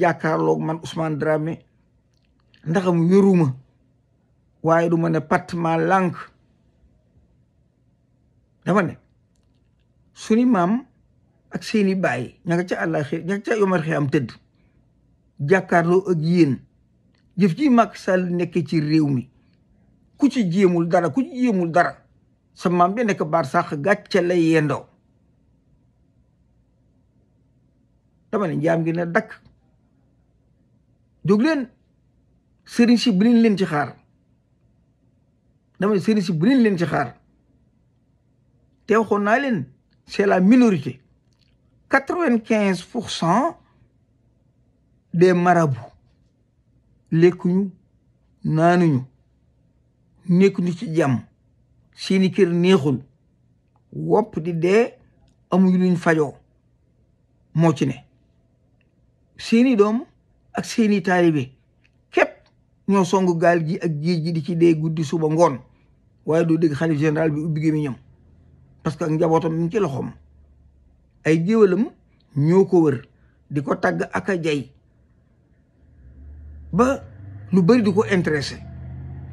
jàkkaarloog man Ousmane Dramé ndaxam wéruma waaye du ma ne pat ma lànk dama ne suñu maam ak seeni baay ña nga ca àlla xi ña nga am tëdd jàkkaarloo ak yéen jëf ji Macky Sall nekkee ci réew mi ku ci jéemul dara ku ci jéemul dara sa maam bi nekk baar sax gàcce lay dama ne njaam gi ne dakk jóg sëriñ si leen leen ci xaar dama ne sëriñ bu leen leen ci xaar te waxoon naa leen c'est la minorité quatre-vingt-quinze pour cent des marabouts lekkuñu naanuñu nekkuñu ci jàmm seeni kër neexul wopp di dee amuñu luñ fajoo moo ci ne seeni doom ak seeni taalibe ñoo song gaal gi ak géej gi di ci dee guddi suba ngoon waaye doo dégg xalif général bi ubbi gémmiñam parce que ak njabootam ci loxoom ay géwalam ñoo ko wër di ko tagg ak a jay ba lu bëri di ko intéressé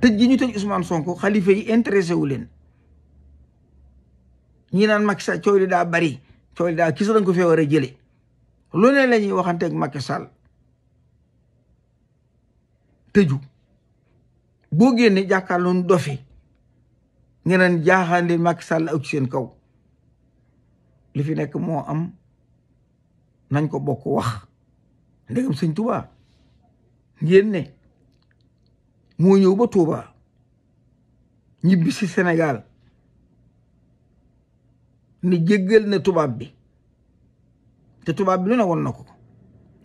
tëj gi ñu tëj Ousmane Sonko xalifa yi intéressé wu leen ñi naan Macky Sall coow li daa bari coow li daa kisa dañ ko fee a jële lu ne la ñuy waxanteeg Macky Sall tëju boo génnee jàkkaarloon dofi ngeen naan jaaxaande Macky Sall ak seen kaw li fi nekk moo am nañ ko bokk wax ndegam sëñ Tuubaa ngeen ne moo ñëw ba Tuubaa ñibbi si Sénégal ni jéggal na tubaab bi te tubaab bi lu ne woon na ko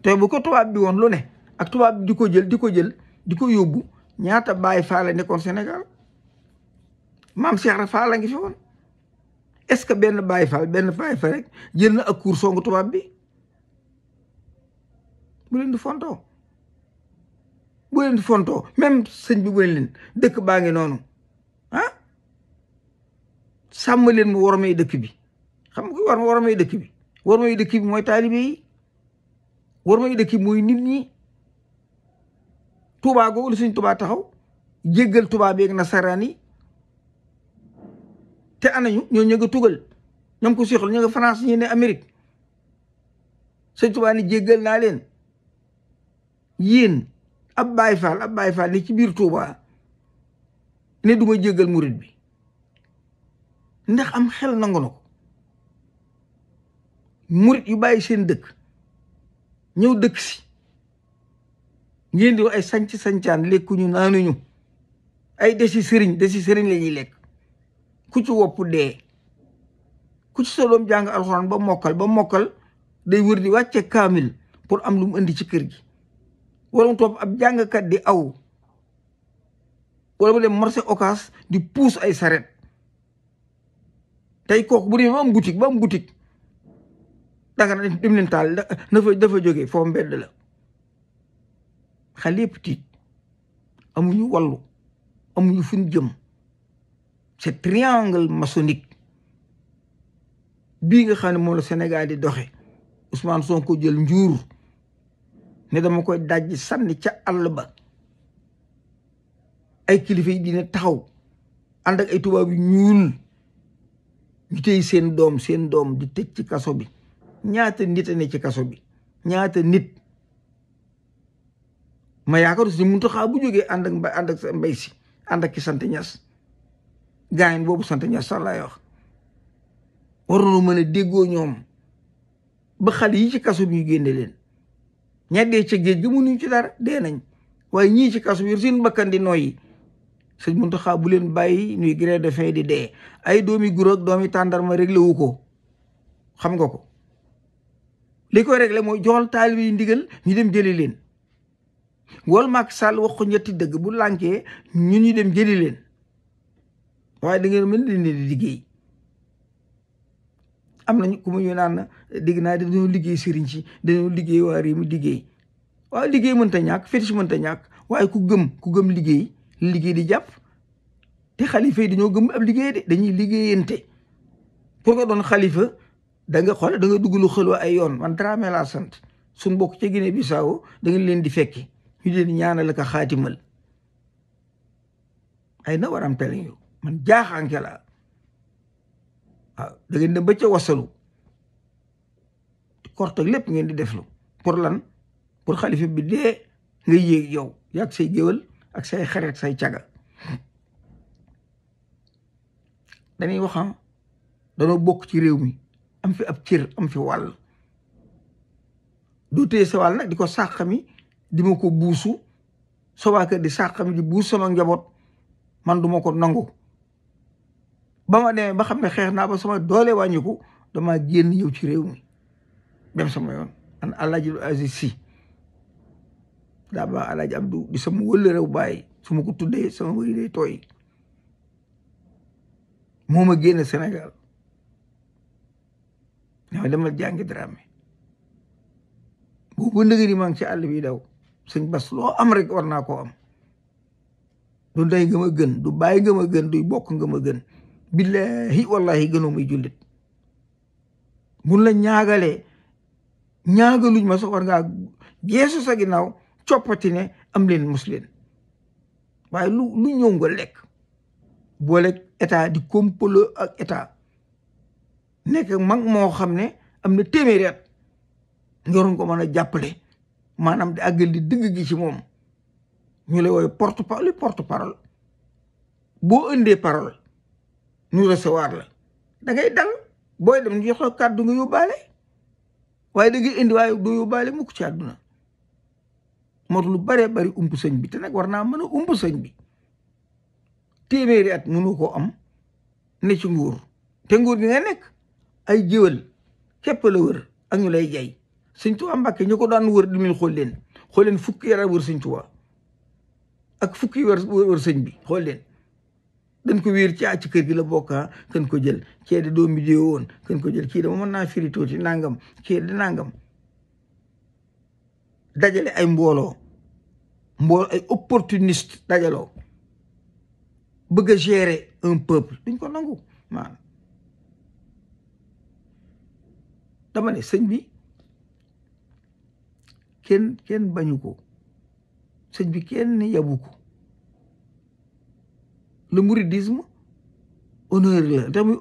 te bu ko tubaab bi woon lu ne ak tubaab bi di ko jël di ko jël di ko yóbbu ñaata Baay Faal la nekkoon senegal maam Cheikh Ibra Fall la ngi fi est-ce que benn Baay Faal benn Baay Faal rek jël na ak cour songu tubaab bi bu leen di fontoo bu leen di fontoo même sëñ bi bu leen leen dëkk baa ngi noonu ah sàmm leen mu war may dëkk bi xam nga war ma war may dëkk bi war may dëkk bi mooy taalibe yi war may dëkk nit ñi Touba googu lu suñ Touba taxaw jéggal Touba beeg nasaraan yi te anañu ñoo ñu nga tugal ñoom ko siixal ñu nga France ñu ne Amérique sëñ Touba ni jéggal naa leen yéen ab Baay Faal ab Baay Faal ni ci biir Touba ne du ma jéggal murit bi ndax am xel nangu na ko murit yu bàyyi seen dëkk ñëw dëkk si ngeen di ay sanc ñu lekkuñu naanuñu ay desi sëriñ desi sëriñ la lekk ku ci wopp dee ku ci sa doom jàng alxuraan ba mokkal ba mokkal day wër di wàcce kaamil pour am lu mu indi ci kër gi wala mu topp ab jàngkat di aw wala mu dem marché occas di puus ay saret tey kooku bu demee ba am boutique ba am boutique danga dem leen taal dafa dafa jógee foo mbedd la xale yëpp tiit amuñu wallu amuñu fuñ jëm c'est triangle maçonnique bii nga xam ne moom la Sénégal di doxe son Sonko jël njur ne dama koy dajji sànni ca àll ba ay kilifa yi dina taxaw ànd ay tubaab yu ñuul ñu tey seen doom seen doom di tëj ci kaso bi ñaata nit a ne ci kaso bi ñaata nit ma yaakaaru si Muntaxa bu jógee ànd ak mbay ànd ak si ànd ak sant ñas gaayin boobu sant ñas sax laay wax waroon mën déggoo ñoom ba yi ci kaso bi ñu leen ña dee ca géej gi mënuñ ci dara dee nañ waaye ñii ci kaso bi seen bakkan di nooyi sëñ Muntaxa bu leen bàyyi ñuy gré de di dee ay doomi guro ak doomi tàndarma réglé wu ko xam nga ko li koy réglé mooy joxal taalibe yi ndigal ñu dem jëli leen wol Macky Sall wax ko ñetti dëgg bu lànkee ñun ñu dem jëli leen waaye da ngeen mën leen di liggéey am nañ ku mu ñu naan dégg naa dañoo liggéey sëriñ si dañoo liggéey waa liggéey waaw liggéey mënta ñàkk fétiche mënta ñàkk waaye ku gëm ku gëm liggéey liggéey di jàpp te xalifa yi dañoo gëm ab liggéey de dañuy liggéeyante pour ko doon xalifa danga xool da nga dugg lu xëloo ay yoon man Dramé laa sant suñ bokk ca Guinée danga leen di fekki ñu leen ñaanal ka xaatimal ay na waram telling you man jaaxanke la waaw da ngeen dem ba ca wasalu korte lépp ngeen di deflu pour lan pour xalifa bi dee nga yéeg yow yaag say géwal ak say xarit say caga dañuy waxam ah, danoo bokk ci réew mi am fi ab cër am fi wàll doo téye sa wàll nag di ko sàq mi di ma ko buusu sama kër di sàqami di buus sama njaboot man du ma ko nangu ba ma demee ba xam ne xeex naa ba sama doole wàññiku dama génn yow ci réew mi dem sama yoon an alaaji Aziz si daa baax alaaji Abdou di sama wëlle réew bàyyi su ma ko tuddee sama wëri day tooy moo ma génn Sénégal ñoo demal jàngi Dramé boobu nëgëri maa ngi ci àll bi daw sëñ bas loo am rek war naa koo am du ndey nga ma gën du bàyyi nga ma gën du bokk nga ma gën billahi wallahi gënoo muy jullit mun la ñaagalee ñaagaluñ ma sax war ngaa geesu sa ginnaaw coppati ne am leen mos leen waaye lu lu ñëw nga lekk boole état di complot ak état nekk mag moo xam ne am na téeméeri at nga waroon ko mën a jàppale maanaam di àggal di dëgg gi ci moom ñu lay wooye porte parole porte parole boo indee parole ñu recevoir la da ngay dal booy dem ñu jox la kàddu nga yóbbaale waaye da ngay indi waaye doo yóbbaale mukk ci àdduna moo lu baree bari ump sëñ bi te nag war naa mën a ump sëñ bi téeméeri at koo am ne ci nguur te nguur gi nga nekk ay jëwal képp la ak ñu lay jay sëñ Tuubaa Mbàkke ñu ko daan wër di min xool leen xool leen fukki yara wër sëñ Tuubaa ak fukki wër wër sëñ bi xool leen dañ ko wéer ci a ah, ci kër gi la bokka ah, kan ko jël kee de doomi dee woon kan ko jël kii dama mën naa firi tuuti nangam kee de nangam dajale ay mbooloo mbooloo ay opportuniste dajaloo bëgga a gérer un peuple duñ ko nangu maanaam dama ne sëñ bi kenn kenn bañu ko sëñ bi kenn yabu ko le mouridisme la te muy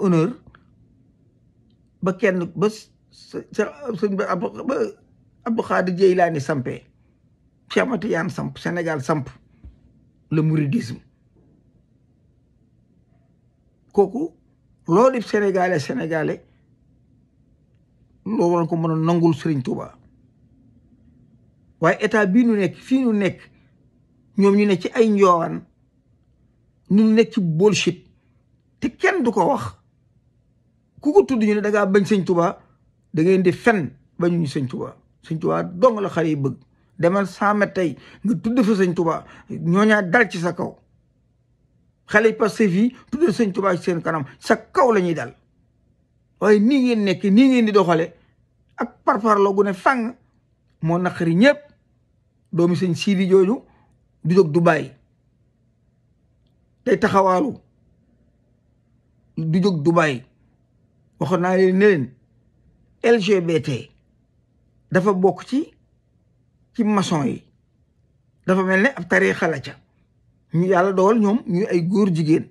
ba kenn ba sëñ ba ba Abdou Khadir Jeylaani sampee Chamati yaan samp Sénégal samp le mouridisme kooku loo def sénégalais sénégalais loo war ko mën a nangul Sëriñ Tuuba waaye état bii nu nekk fii nu nekk ñoom ñu ne ci ay njoowaan ñu nekk ci sit te kenn du ko wax ku ko tudd ñu ne da ngaa bañ sëñ Tuubaa da ngeen di fen bañuñu sëñ Tuubaa sëñ Tuubaa dong la xale yi bëgg demal saamet tey nga tudd fa sëñ Tuubaa ñooñaa dal ci sa kaw xale yi Pastef yi tudd sëñ Tuubaa ci seen kanam sa kaw la ñuy dal waaye nii ngeen nekk nii ngeen di doxale ak parparloo gu ne fàng moo naqari ñépp doomi sëñ siidi jooju du jóg du bàyyi day taxawaaru du jóg du bàyyi waxoon naa leen LGBT dafa bokk ci ci maçon yi dafa mel ne ab tariixa la ca ñu yàlla dogal ñoom ñuy ay góor jigéen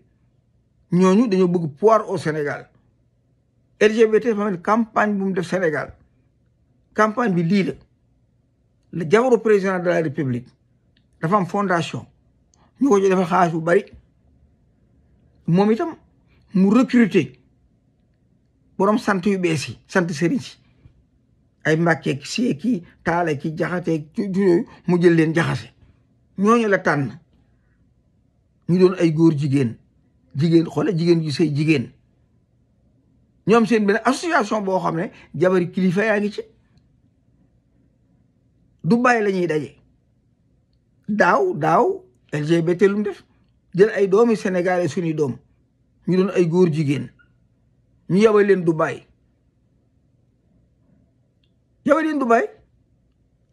ñooñu dañoo bëgg pouvoir au Sénégal LGBT dafa mel ne campagne bu mu def Sénégal campagne bi lii la jabaru président de la république dafa am fondation ñu ko ci defal xaalis bu bari moom itam mu recruter borom sant yu bees yi sant si ay make si ki taale ki jaxatee yooyu mu jël leen jaxase ñooñu la tànn ñu doon ay góor jigéen jigéen xoole jigéen ju sëy jigéen ñoom seen benn association boo xam ne jabari kilifa yaa ngi ci Dubaï la ñuy daje daaw daaw LGBT lu mu def jël ay doomi Sénégalais suñuy doom ñu doon ay góor jigéen ñu yabal leen Dubaï yabal leen Dubaï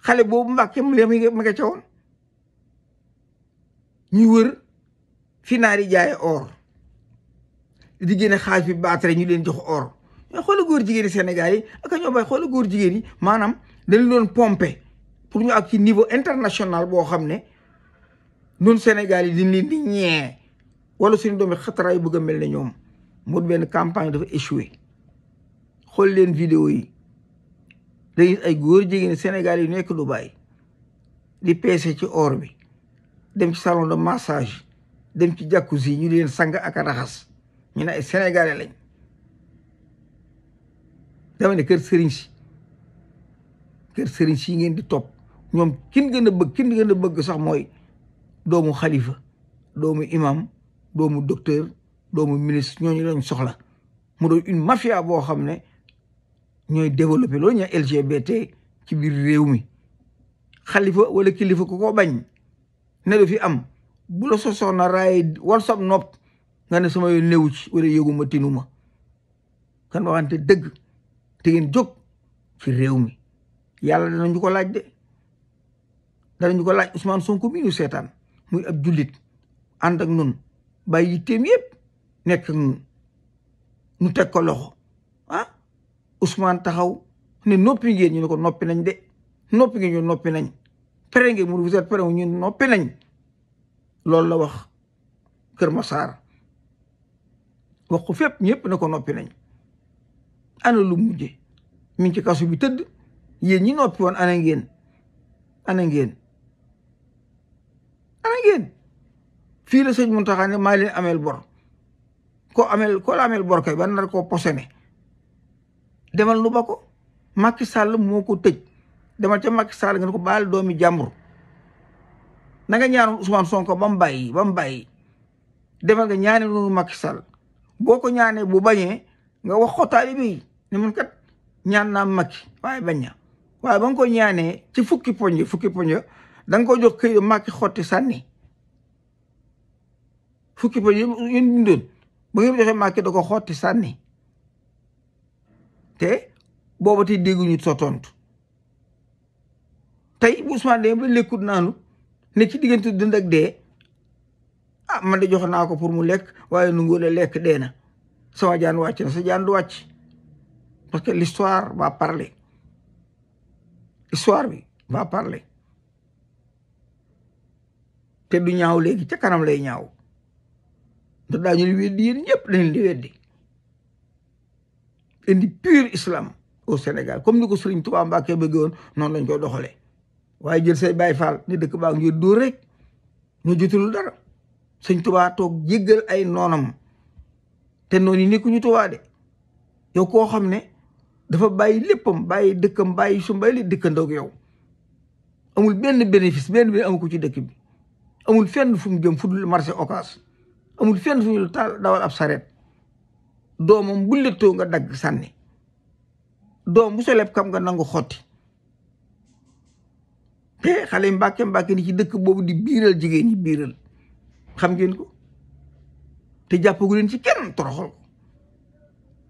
xale boobu Mbàkke mu leen ma nga woon ñu wër fi naari jaaye or di génne xaaj bi baatare ñu leen jox or mais xoola góor jigéen yi Sénégal yi ak ñoo bay xoola góor jigéen yi maanaam dañ doon pompe pour ñu ak ci niveau international boo xam ne ñun Sénégal yi dañ leen di ñee wala suñu doomi xataraay bëgg a mel ne ñoom moo benn campagne dafa échoué xool leen vidéo yi day ay góor jigéen Sénégal yi nekk Dubaï di peese ci or bi dem ci salon de massage dem ci jacuzzi ñu leen sang ak a raxas ñu ne ay sénégalais lañ dama ne kër sëriñ si kër sëriñ si ngeen di topp ñoom kin gën a bëgg kin gën bëgg sax mooy doomu xalifa doomu imam doomu docteur doomu ministre ñooñu lañ soxla mu doon une mafia boo xam ne ñooy développé loolu ñu LGBT ci biir réew mi xalifa wala kilifa ku ko bañ ne du fi am bu la so soxna raay war sab nopp nga ne sama yoon newu ci wala yëguma tinuma kan waxante dëgg te ngeen jóg ci réew mi yàlla danañu ko laaj de danañu ko laaj Ousmane Sonko mi ñu seetaan muy ab jullit ànd ak nun bàyyi yitteem yëpp nekk ñu teg ko loxo ah Ousmane taxaw ne noppi ngeen ñu ne ko noppi nañ de noppi ngeen ñu noppi nañ pere ngeen mu vous êtes pere ñu noppi nañ loolu la wax Kër Massar wax ko fépp ñëpp ne ko noppi nañ ana lu mujje mi ngi ci kasu bi tëdd yéen ñi noppi woon ana ngeen ana ngeen ana ngeen fii la sëñ Muntaxa ne maa leen ameel bor ko ameel ko la ameel bor kay ba nar ko posone demal nu ba ko Macky Sall mu ko tëj demal ca Macky Sall nga ne ko baal doomi jàmbur na nga ñaanu Ousmane Sonko ba mu ba mu bàyyi demal nga ñaane lu Macky Sall boo ko ñaanee bu bañee nga wax xotaali bi ne man kat ñaan naa waaye bañ na waaye ba nga ko ñaanee ci fukki poñ fukki poñ danga ko jox këy Macky xotti sànni fukki ba yéen dundoon ba ngeen joxe Macky da ko xotti sànni te booba tey dégguñu sa tontu tey bu Ousmane de ba lekkut naanu ne ci diggante dund ak dee ah man de jox naa ko pour mu lekk waaye nu ngóole lekk dee na sama jaan wàcc na sa jaan du wàcc parce que l'histoire va parle histoire bi va parler te du ñaaw léegi ca kanam lay ñaaw te daañu li weddi yéen ñëpp dañu li weddi indi pur islam au senegal comme ni ko Serigne Touba Mbacké bëgg woon noonu lañ koy doxalee waaye jël se Baay Faal ni dëkk baa ngir dóor rek ñu jotul dara Serigne Touba toog jéggal ay noonam te noonu yi nekkuñu Touba de yow koo xam ne dafa bàyyi léppam bàyyi dëkkam bàyyi su bàyyi li dëkkandoo ak yow amul benn bénéfice benn bi amu ko ci dëkk bi amul fenn fu mu jëm fu dul marché occas amul fenn fu ñu taal dawal ab sareet doomam bu lettoo nga dagg sànni doom bu soleb kam nga nangu xotti te xale yi mbàkke mbàkke ni ci dëkk boobu di biiral jigéen ñi biiral xam ngeen ko te jàppagu leen ci kenn toroxal ko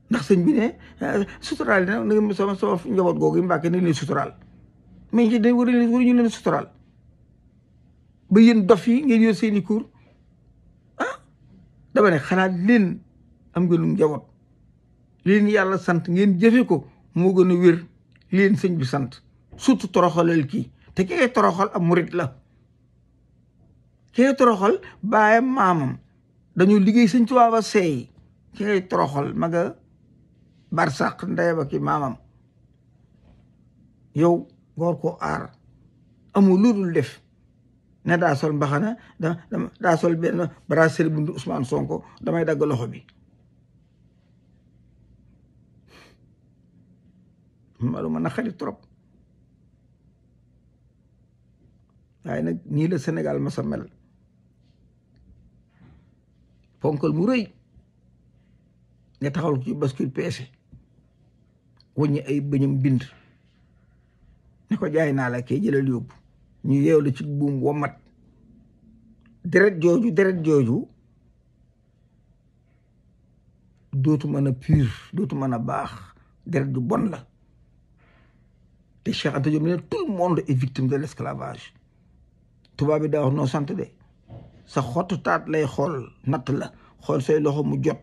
ndax sëñ bi ne eh, suturaal na sama sama njaboot googu yi mbàkke nañ leen suturaal mais ci dañ war ñu sutural ba yéen dof yi ngeen yor seeni cours ah dama ne xanaa leen am ngeen njaboot leen yàlla sant ngeen jëfe ko moo gën a leen sëñ bi sant surtout toroxalal kii te ki ngay toroxal ab murit la ki ngay toroxal baayam maamam dañu liggéey sëñ Tuubaa ba seey ki ngay toroxal ma nga barsàq ndey ki maamam yow ngoor ko aar amul lu def ne daasol sol mbaxana da daa benn brasserie bundu Ousmane Sonko damay dagg loxo bi malu ma naqari trop waaye nag nii senegal masamel ma ponkal mu rëy nga taxawal ko ci bascule wu e. wëññi ay bëñam bind ne ko jaay naa la kee jëlal yóbbu ñu yeew la ci buum womat deret jooju deret jooju dootu mën a pur dootu mën a baax deret ju bon la te Cheikh Anta Diop ne tout le monde est de l'esclavage tubaab bi daa wax sant de sa xottu taat lay xool natt la xool say loxo mu jot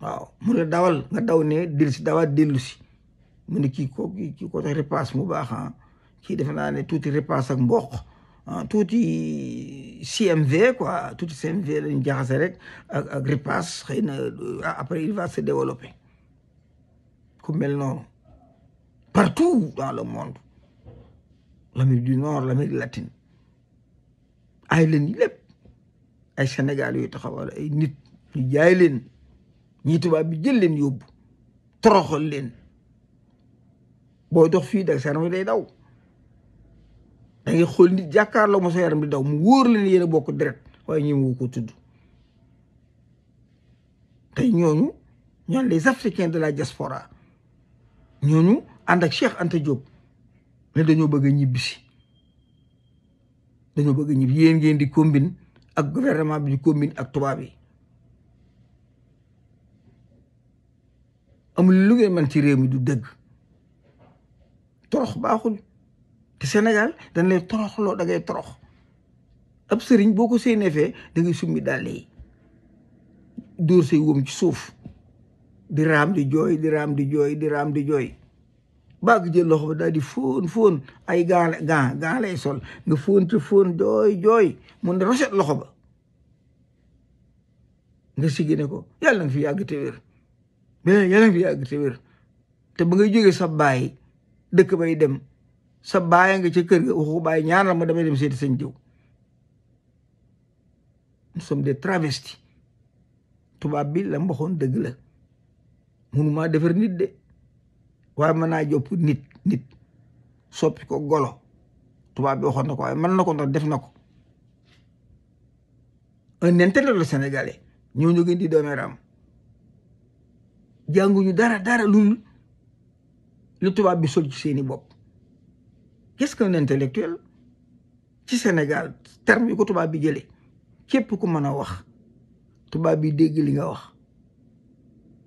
waaw mu ne dawal nga daw ne dellu si dawaat mu ne kii ko kii ko tax repasse mu baax ah. kii defe naa ne tuuti repas ak mboq ah, tuuti CMV quoi tuuti CMV lañ jaxase rek ak ak repas xëy na ah, après il va se ku mel noonu partout dans le monde l'Amérique du Nord l'Amérique latine ay leen yi lépp ay Sénégal yu taxawal ay nit jaay leen ñi tubaab bi jël leen yóbbu toroxal leen boo dox fii dag seen day daw da ngay xool nit jàkkaarloo ma sa yaram di daw mu wóor la ne yéen a bokk deret waaye ñi wu ko tudd tey ñooñu ñooñu les africains de la diaspora ñooñu ànd ak Cheikh Anta Diop ne dañoo bëgg a ñibbisi dañoo bëgg a ñibbi yéen ngeen di combine ak gouvernement bi di combine ak tubaab yi amul lu ngeen mën ci réew mi du dëgg torox baaxul te Sénégal dañ lay toroxloo da ngay torox ab sëriñ boo ko séenee fee da ngay summi dàll yi ci suuf di raam di jooy di raam di jooy di raam di jooy baag jël loxo ba daal di fóon fóon ay gaan gaan sol nga fóon ci fóon jooy jooy mun na roset loxo ba nga sigi ne ko yàlla nga fi yàgg te wér mais yàlla fi yàgg te te ba ngay jógee sa baay dëkk bay dem sa baay nga ci kër ga waxu baay ñaanal ma damay dem seeti sañ diw nous sommes des travestis tubaab bi la mbaxoon dëgg la mënumaa defar nit de waaye mën naa jopp nit nit soppi ko golo tubaab bi waxoon na ko waaye mën na ko ndax def na ko un intellectuel sénégalais ñoo ñu gën di doomeeraam jànguñu dara dara lu lu tubaab bi sol ci seeni bopp qu'est-ce qu'un intellectuel ci Sénégal terme yi ko tubaab bi jëlee képp ku mën a wax tubaab bi dégg li nga wax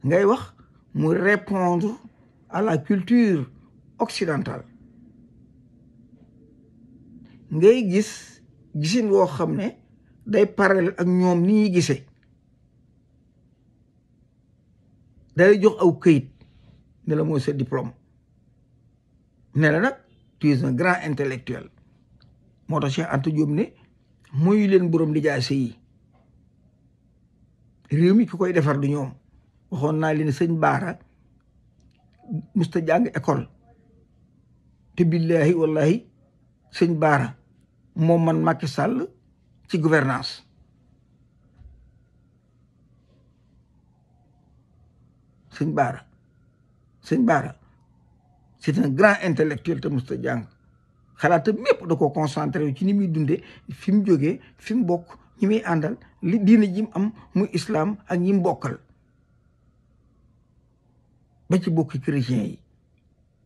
ngay wax mu répondre à la culture occidentale ngay gis gisin woo xam ne day parallèle ak ñoom ni gisee day jox aw këyit ne la mooy sa diplôme ne la nag tu es un grand intellectuel moo tax Cheikh Anta Diop ne moyu leen borom di jaase yi réew mi ki koy defar du ñoom waxoon naa leen sëñ Baara musta jàng école te billaahi wallahi sëñ Baara moom man Macky Sall ci gouvernance sëñ Baara Baara c'est un grand intellectuel te musta jàng xalaatam mépp da ko concentré wu ci ni muy dunde fi mu jógee fi mu bokk ñi muy àndal li diina ji mu am muy islam ak ñi mu bokkal ba ci bokki chrétiens yi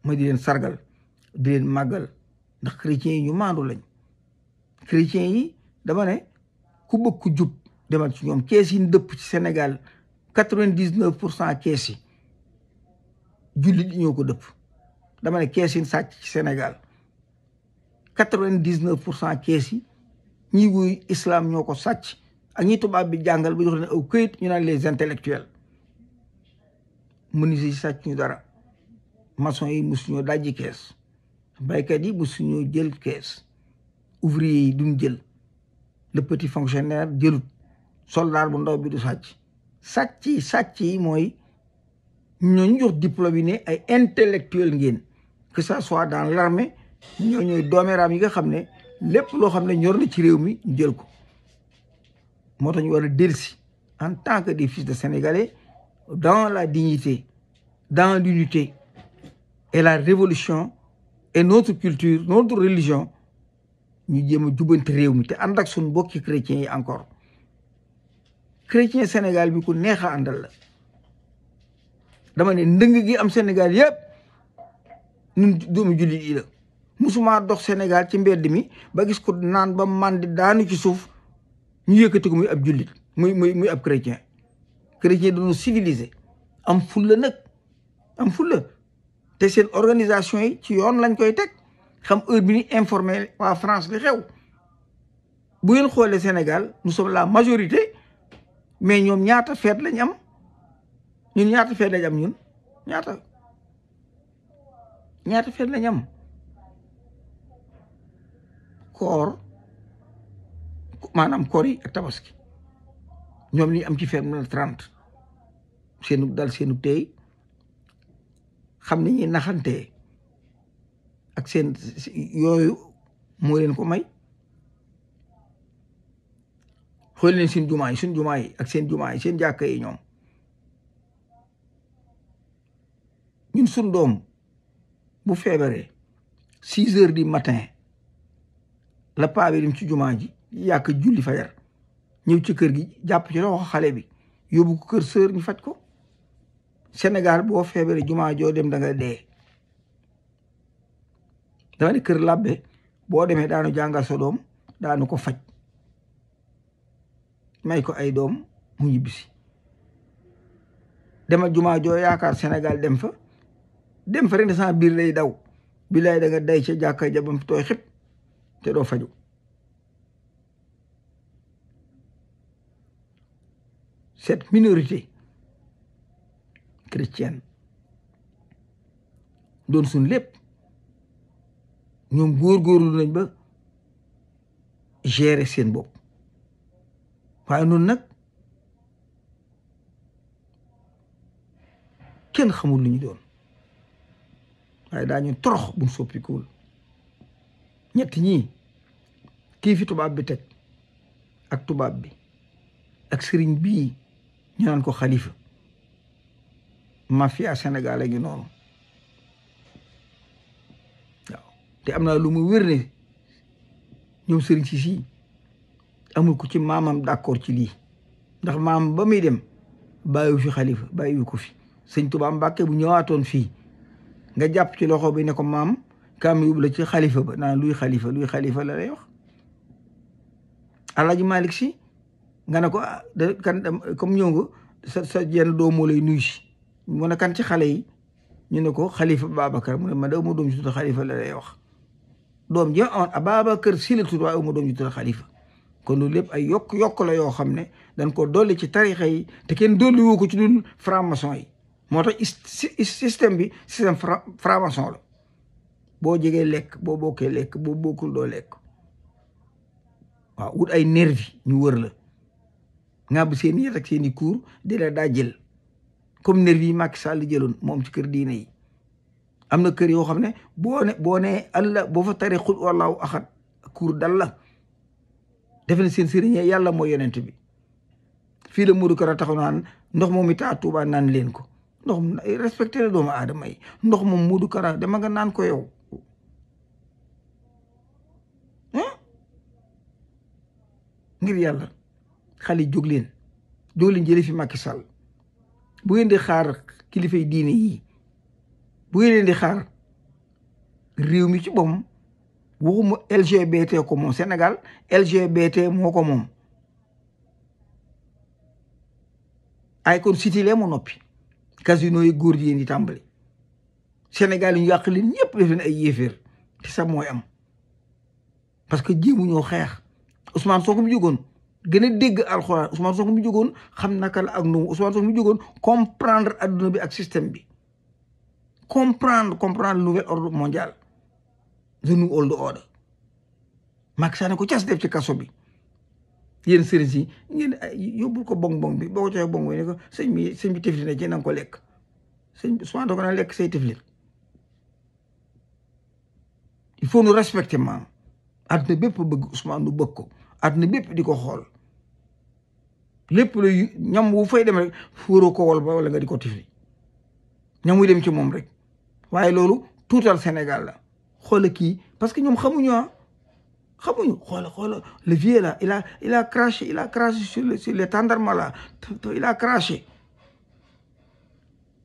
ma di leen sargal di leen màggal ndax chrétiens yi ñu maandu lañ chrétiens yi dama ne ku bëgg ku jub demal ci ñoom kees yi dëpp ci senegal quatre-vingt-dix-neuf pour cent kees yi jullit ñoo ko dëpp dama ne kees yi Sénégal quatre-vingt-dix-neuf pour cent kees yi ñi wuy islam ñoo ko sàcc ak ñi tubaab bi jàngal ba jox leen aw këyit ñu naan les intellectuels menuisier yi sàcc ñu dara maçon yi musuñoo dajji kees baykat yi musuñoo jël kees ouvri yi duñ jël le petit fonctionnaire jëlut soldat bu ndaw bi du sàcc sàcc yi sàcc yi mooy ñooñu jox diplôme yi ne ay intellectuel ngeen que ça soit dans l'armée ñoo ñooy doomeeraam yi nga xam ne lépp loo xam ne ñor na ci réew mi jël ko moo tax ñu war a delsi en tant que des fils de sénégalais dans la dignité dans l'unité et la révolution et notre culture notre religion ñu jéem a jubante réew mi te ànd ak suñu mbokki chrétiens yi encore chrétien Sénégal bi ku neex a àndal la dama ne ndëng gi am Sénégal yëpp ñun jullit yi la musuma dox Sénégal ci mbedd mi ba gis ko naan ba mandi daanu ci suuf ñu yëkkati ko muy ab jullit muy muy muy ab chrétien chrétien dañoo civilisé am fulla nag am fulla te seen organisation yi ci yoon lañ koy teg xam heure bi ni informé waa France li xew bu ngeen xoolee Sénégal nous sommes la majorité mais ñoom ñaata feet lañ am ñun ñaata feet lañ am ñun ñaata ñaata feet lañ am koor maanaam koor yi tabaski ñoom li am ci feet mu ne trente seenu dal seenu tey xam ni ñi naxante ak seen yooyu moo leen ko may xool leen seen jumaa yi seen jumaa yi ak seen jumaa seen jàkka yi ñoom ñun sun doom bu feebaree six heures di matin la paa bi ci jumaa ji yàq julli fajar ñëw ci kër gi jàpp ci loxo xale bi yóbbu ko kër sër ñu faj ko senegal boo feebaree jumaa joo dem da nga dee dama ne kër làbbe boo demee daanu jàngal sa doom daanu ko faj may ko ay doom mu ñibbisi dema jumaa joo yaakaar senegal dem fa dem fa rek ne sa biir lay daw bilaay da nga day ca jàkka jabam tooy xib te doo faju cette minorité chrétienne doon suñ lépp ñoom góorgóorlu nañ ba gérer seen bopp waaye noonu nag kenn xamul lu ñu doon waaye daañu torox buñ soppikuwul ñett ñii kii fi tubaab bi teg ak tubaab bi ak sëriñ bi ñu naan ko xalifa mafia Sénégal a ngi noonu te am na lu mu wér ne ñoom sëriñ si si amul ko ci maamam d'accord ci lii ndax maam ba muy dem bàyyiwu fi xalifa bàyyiwu ko fi sëñ Tuubaa Mbàkke bu ñëwaatoon fii nga jàpp ci loxo bi ne ko maam kam yóbbu la ci xalifa ba naan luy xalifa luy xalifa la lay wax alaaji si nga ne ko ah, da kan comme ñëw nga sa sa jenn doomoo lay nuyu si kan ci xale yi ñu ne ko xalifa Babacar mu ne ma da ma doom ji tudd xalifa la lay wax doom ji on ah, la kon loolu lépp ay yokk yokk la yoo xam ne dañ ko dolli ci tarixa yi te kenn dolli woo ko ci dul framason yi moo tax système bi système franc-maçon la boo jegee lekk boo bokkee lekk boo bokkul doo lekk waaw wut ay nervi ñu wër la nga bu seen yet ak seen i daa jël comme nervi yi Macky Sall jëloon moom ci kër diine yi am na kër yoo xam ne boo ne boo ne allah boo fa tare xul wallahu axat cour dal la defe ne seen sëriñee yàlla mooy yonent bi fii la Modou Kara taxaw naan ndox moom mi taa Tuuba naan leen ko ndox respecté la doomu aadama yi ndox moom mu Kara dama nga naan koyow yow ngir yàlla xale jóg leen jóg leen jële bu ngeen di xaar kilifay diine yi bu ngeen di xaar réew mi ci boppam waxuma LGBT ko moom Sénégal LGBT moo ko moom Akon Sitile noppi casino yi góor jigéen yi tàmbali Sénégal yi ñu yàq leen ñëpp def ay yéeféer te sax mooy am parce que jéemu ñoo xeex Ousmane Sonko mu jógoon gën a dégg alxuraan Ousmane Sonko mu jógoon xam naka la ak nu Ousmane Sonko mu jógoon comprendre adduna bi ak système bi comprendre comprendre nouvel ordre mondial the new old order Macky Sall ne ko cas ci kaso bi yéen sëriñ si yóbbul ko bong bong bi boo ko joxee bong bi ne ko sëñ bi sëñ bi tiflin na ci nanga ko lekk sëñ bi souvent da na lekk say tiflin il faut nu respecter maam àdduna bépp bëgg Ousmane nu bëgg ko àdduna bépp di ko xool lépp lu ñam wu fay dem rek fóoroo ko wol ba wala nga di ko tifli ñam wuy dem ci moom rek waaye loolu tuutal Sénégal la xoola kii parce que ñoom xamuñu ah xamuñu xoola xoola le vieux là il a il a craché il a craché sur le sur les tendarma là il a craché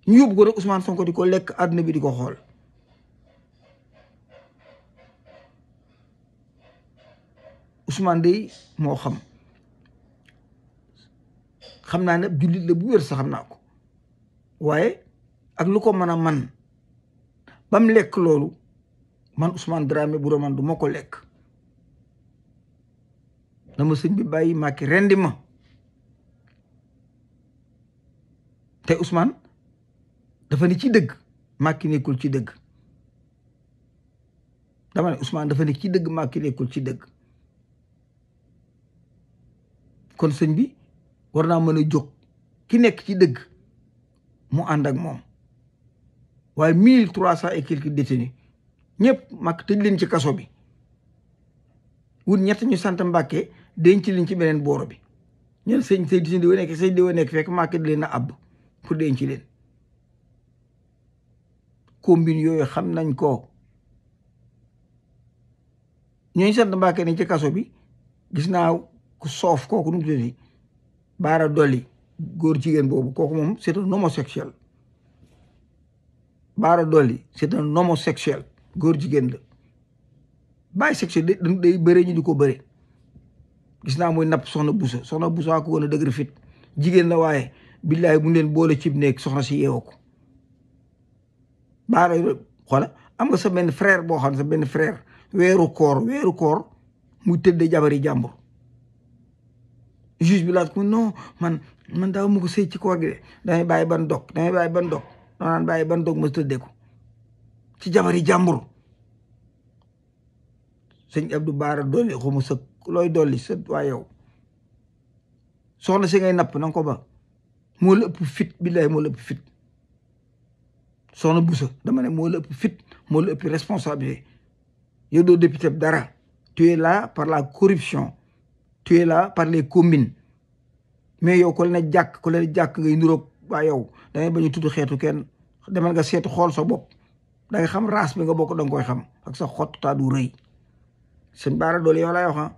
ñu yóbbu ko rek Ousmane Sonko di ko lekk àdduna bi di ko xool Ousmane day moo xam xam naa ne jullit la bu wér sa xam naa ko waaye ak lu ko mën a man bam lekk loolu man Ousmane Dramé bu man du ma ko lekk na ma sëñ bi bàyyi Macky rendi te Ousmane dafa ne ci dëgg Macky nekkul ci dëgg dama ne Ousmane dafa ne ci dëgg Macky nekkul ci dëgg kon sëñ bi war naa mën a jóg ki nekk ci dëgg mu ànd ak moom waaye mille trois cent et quelques détenus ñëpp Macky tëj leen ci kaso bi wut ñu sant Mbàkke denc liñ ci beneen booro bi ñen sëñ say di wa nekk sëñ di wa nekk fekk màkk di leen a àbb pour denc leen combine yooyu xam nañ ko ñooñu sant Mbàkke ne ci kaso bi gis naa ku soof kooku nu mu tuddati baara dolli góor jigéen boobu kooku moom c'est un homosexuel baara dolli c'est un homosexuel góor jigéen la bisexuel day bëre ñu di ko bëre gis naa muy napp soxna busa soxna busa ko woon a fit jigéen la waaye billaay bu leen boole cib néeg soxna si yeewoo ko baara xoola am nga sa benn frère boo xam ne sa benn frère weeru koor weeru koor muy tëddee jabari jàmbur juge bi laaj ko non man man mu ko ci koor gi de damay ban dog damay bàyyi ban dog dama naan ban dog ma tëddee ko ci jabari jàmbur sëñ Abdou Baara doole xaw looy dolli sa waa yow soxna si ngay napp na nga ko ba moo la ëpp fit billaay moo la ëpp fit soxna busa dama ne moo la ëpp fit moo la ëpp responsabilité yow doo député dara tu es là par la corruption tu es là par les combines mais yow ku leen jàkk ku leen jàkk ngay niroog waa yow da ngay bañ a tudd xeetu kenn demal nga seetu xool sa bopp da nga xam race bi nga bokk da nga koy xam ak sa xottu taa du rëy sëñ Baara doole yow laay wax ah.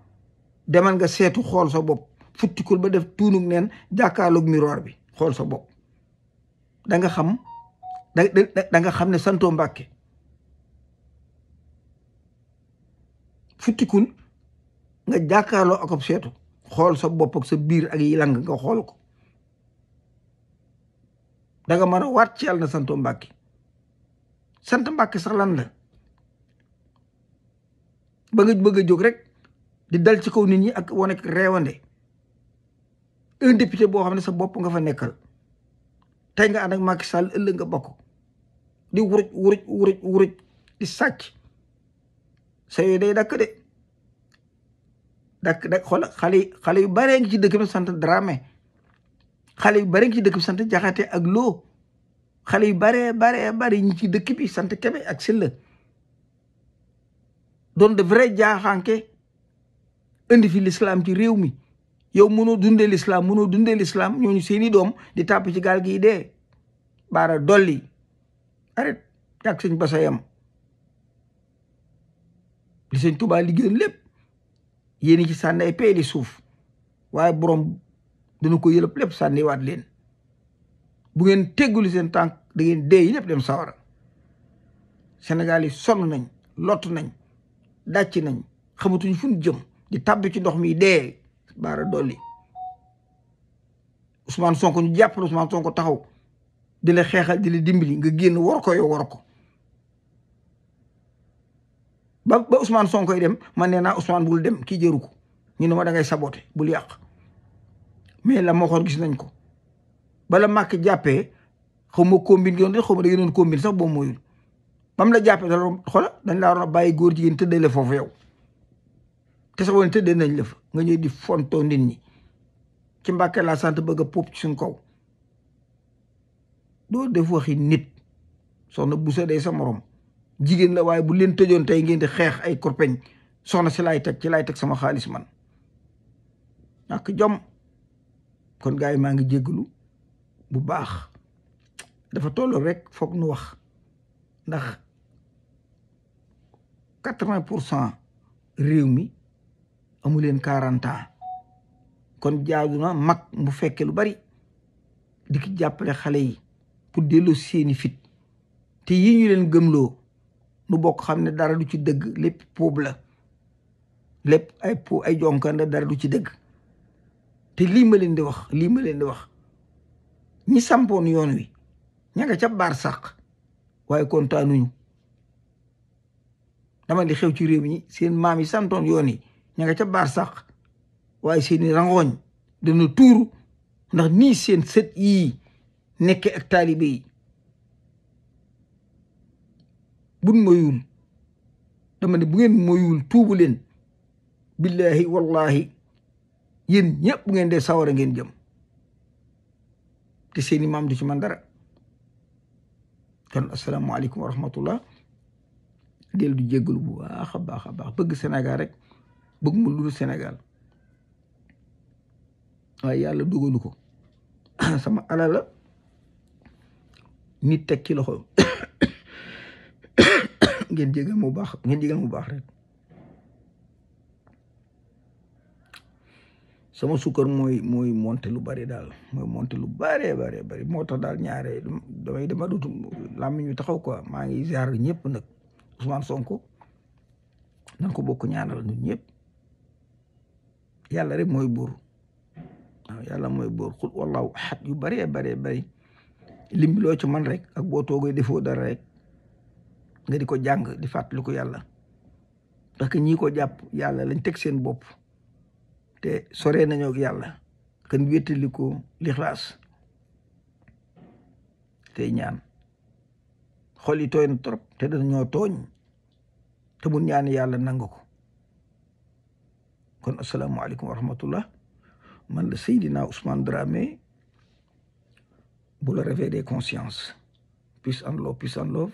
demal nga seetu xool sa bopp futtikul ba def tuunug neen jàkkaarloog miroir bi xool sa bopp danga xam da xam ne santoo mbàkke futtikul nga jàkkaarloo akob seetu xool sa bopp ak sa biir ak yi lang nga xool ko danga nga mën a waat ci yàlla na santoo mbàkke sant mbàkke sax lan la ba nga bëgg a jóg rek di dal ci kaw nit ñi ak wane réewande un boo xam ne sa bopp nga fa nekkal te nga ànd ak Macky Sall ëllëg nga bokk di wuruj wuruj wuruj wuruj di sàcc sa yooyu day dakk de dakk dakk xol xale yi xale yu bare ngi ci dëkk sant Dramé xale yu bare ngi ci sant Jaxate ak loo xale yu bare bare bare ñi ci dëkk sant Kebe ak Silla doon de vrai jaaxanke indi fi l'islam ci réew mi yow mënoo dundee l'islam mënoo dundee l'islam ñooñu seeni doom di tàpp ci gaal gi dee baara dolli arrête yàgg sëñ basa yam li sëñ Tuubaa liggéeyoon lépp yéeni ci sànni ay pee di suuf waaye borom dana ko yëlëb lépp sànni waat leen bu ngeen tegguli seen tànk da ngeen dee yi dem sawara senegali yi sonn nañ lott nañ dàcc nañ xamatuñ fu jëm di tàbbi ci ndox mi dee baara dolli Ousmane Sonko ñu jàppale Ousmane Sonko taxaw di la xeexal di la dimbali nga génn war ko yow war ko ba ba Ousmane Sonko yi dem man nee naa Ousmane bul dem kii jëru ko ñu ne ma da ngay saboté bul yàq mais la moo xool gis nañ ko bala màkk jàppee xaw ma combine yoon de xaw ma da ngeen doon combine sax boobu mooyul bam la jàppee da xoola dañ laa waroon a bàyyi góor jigéen tëddale foofu yow te sa woon tëddee nañ la nga ñëw di fontoo nit ñi ci mbàkke laa sant bëgg a puub ci suñ kaw doo def waxi nit soxna bu sa day sa moroom jigéen la waaye bu leen tëjoon tey ngeen di xeex ay kurpeñ soxna si laay teg ci laay teg sama xaalis man ñàkk jom kon gars yi maa ngi jéggalu bu baax dafa tollu rek foog nu wax ndax quatre-vingt pour cent réew mi amu leen quarante kon jaadu na mag mu fekke lu bari di ki jàppale xale yi pour delloo seeni fit te yi ñu leen gëmloo nu bokk xam ne dara du ci dëgg lépp poob la lépp ay po ay jonkan dara du ci dëgg te lii ma leen di wax lii ma leen di wax ñi sampoon yoon wi ña nga ca bar sàq waaye kontaanuñu dama di xew ci réew mi seen maam yi santoon yoon yi ña nga ca baar sàq waaye seeni rangooñ dana tuur ndax nii seen sët yii nekke ak taalibe yi bun moyul dama ne bu ngeen moyul tuubu leen billahi wallahi yéen ñëpp bu ngeen dee sawara ngeen jëm te seeni maam du ci kan dara kon asalaamaaleykum wa rahmatullah del du jéggalu bu baax a baax a baax bëgg Sénégal bëgg mu senegal Sénégal waaye yàlla dugalu ko (coughs) sama alal la nit teg ci loxo (coughs) ngeen jégal mu baax ngeen jégal mu baax rek sama sukkar mooy mooy monte lu bari daal mooy monte lu baree baree bari moo tax daal ñaare damay dama dutu làmmiñ ñu taxaw ko maa ngi ziar ñëpp nag Ousmane Sonko nan ko bokk ñaanal ñun ñëpp yàlla rek mooy buur waaw yàlla mooy buur xul wallahu ahad yu baree bëree bëri lim bi loo ci man rek ak boo toogee defoo dara rek nga di ko jàng di fàttali ko yàlla parce que ko jàpp yàlla lañ teg seen bopp te soree nañoo ak yàlla kan wéttali ko lixlaas tey ñaan xol yi tooy na trop te danañoo tooñ te bu ñaan yàlla nangu ko kon asalaamaaleykum wa rahmatullah man la Seydina Ousmane drame bu la de des consciences peace and love peace and love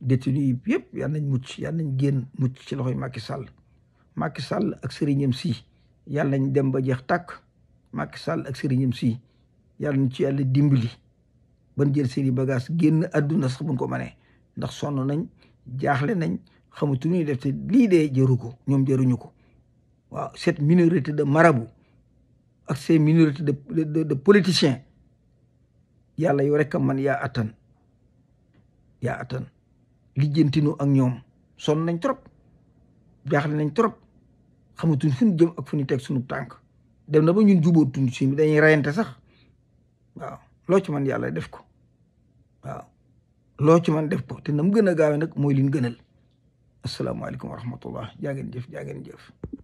détenu yi yëpp yal nañ mucc yal nañ génn mucc ci loxoy Macky Sall Macky Sall ak sëriñam si yal nañ dem ba jeex tàkk Macky Sall ak sëriñam si yal nañ ci yàlla dimbali ban jël seeni bagage génn àdduna sax buñ ko mane ndax sonn nañ jaaxle nañ xamatu ñuy def te lii dee jëru ko ñoom jëruñu ko waaw cette minorité de marabout ak ces minorités de de de politiciens yàlla yow rek a man yaa attan yaa attan lijjantinu ak ñoom sonn nañ trop jaaxle nañ trop xamatuñ fu ñu jëm ak fu ñu teg suñu tànk dem na ba ñun jubóotuñ si dañuy reyante sax waaw loo ci man yàlla def ko waaw loo ci man def ko te na mu gën a gaawe nag mooy liñ gënal asalaamaaleykum wa rahmatullah jaa ngeen jëf jaa ngeen jëf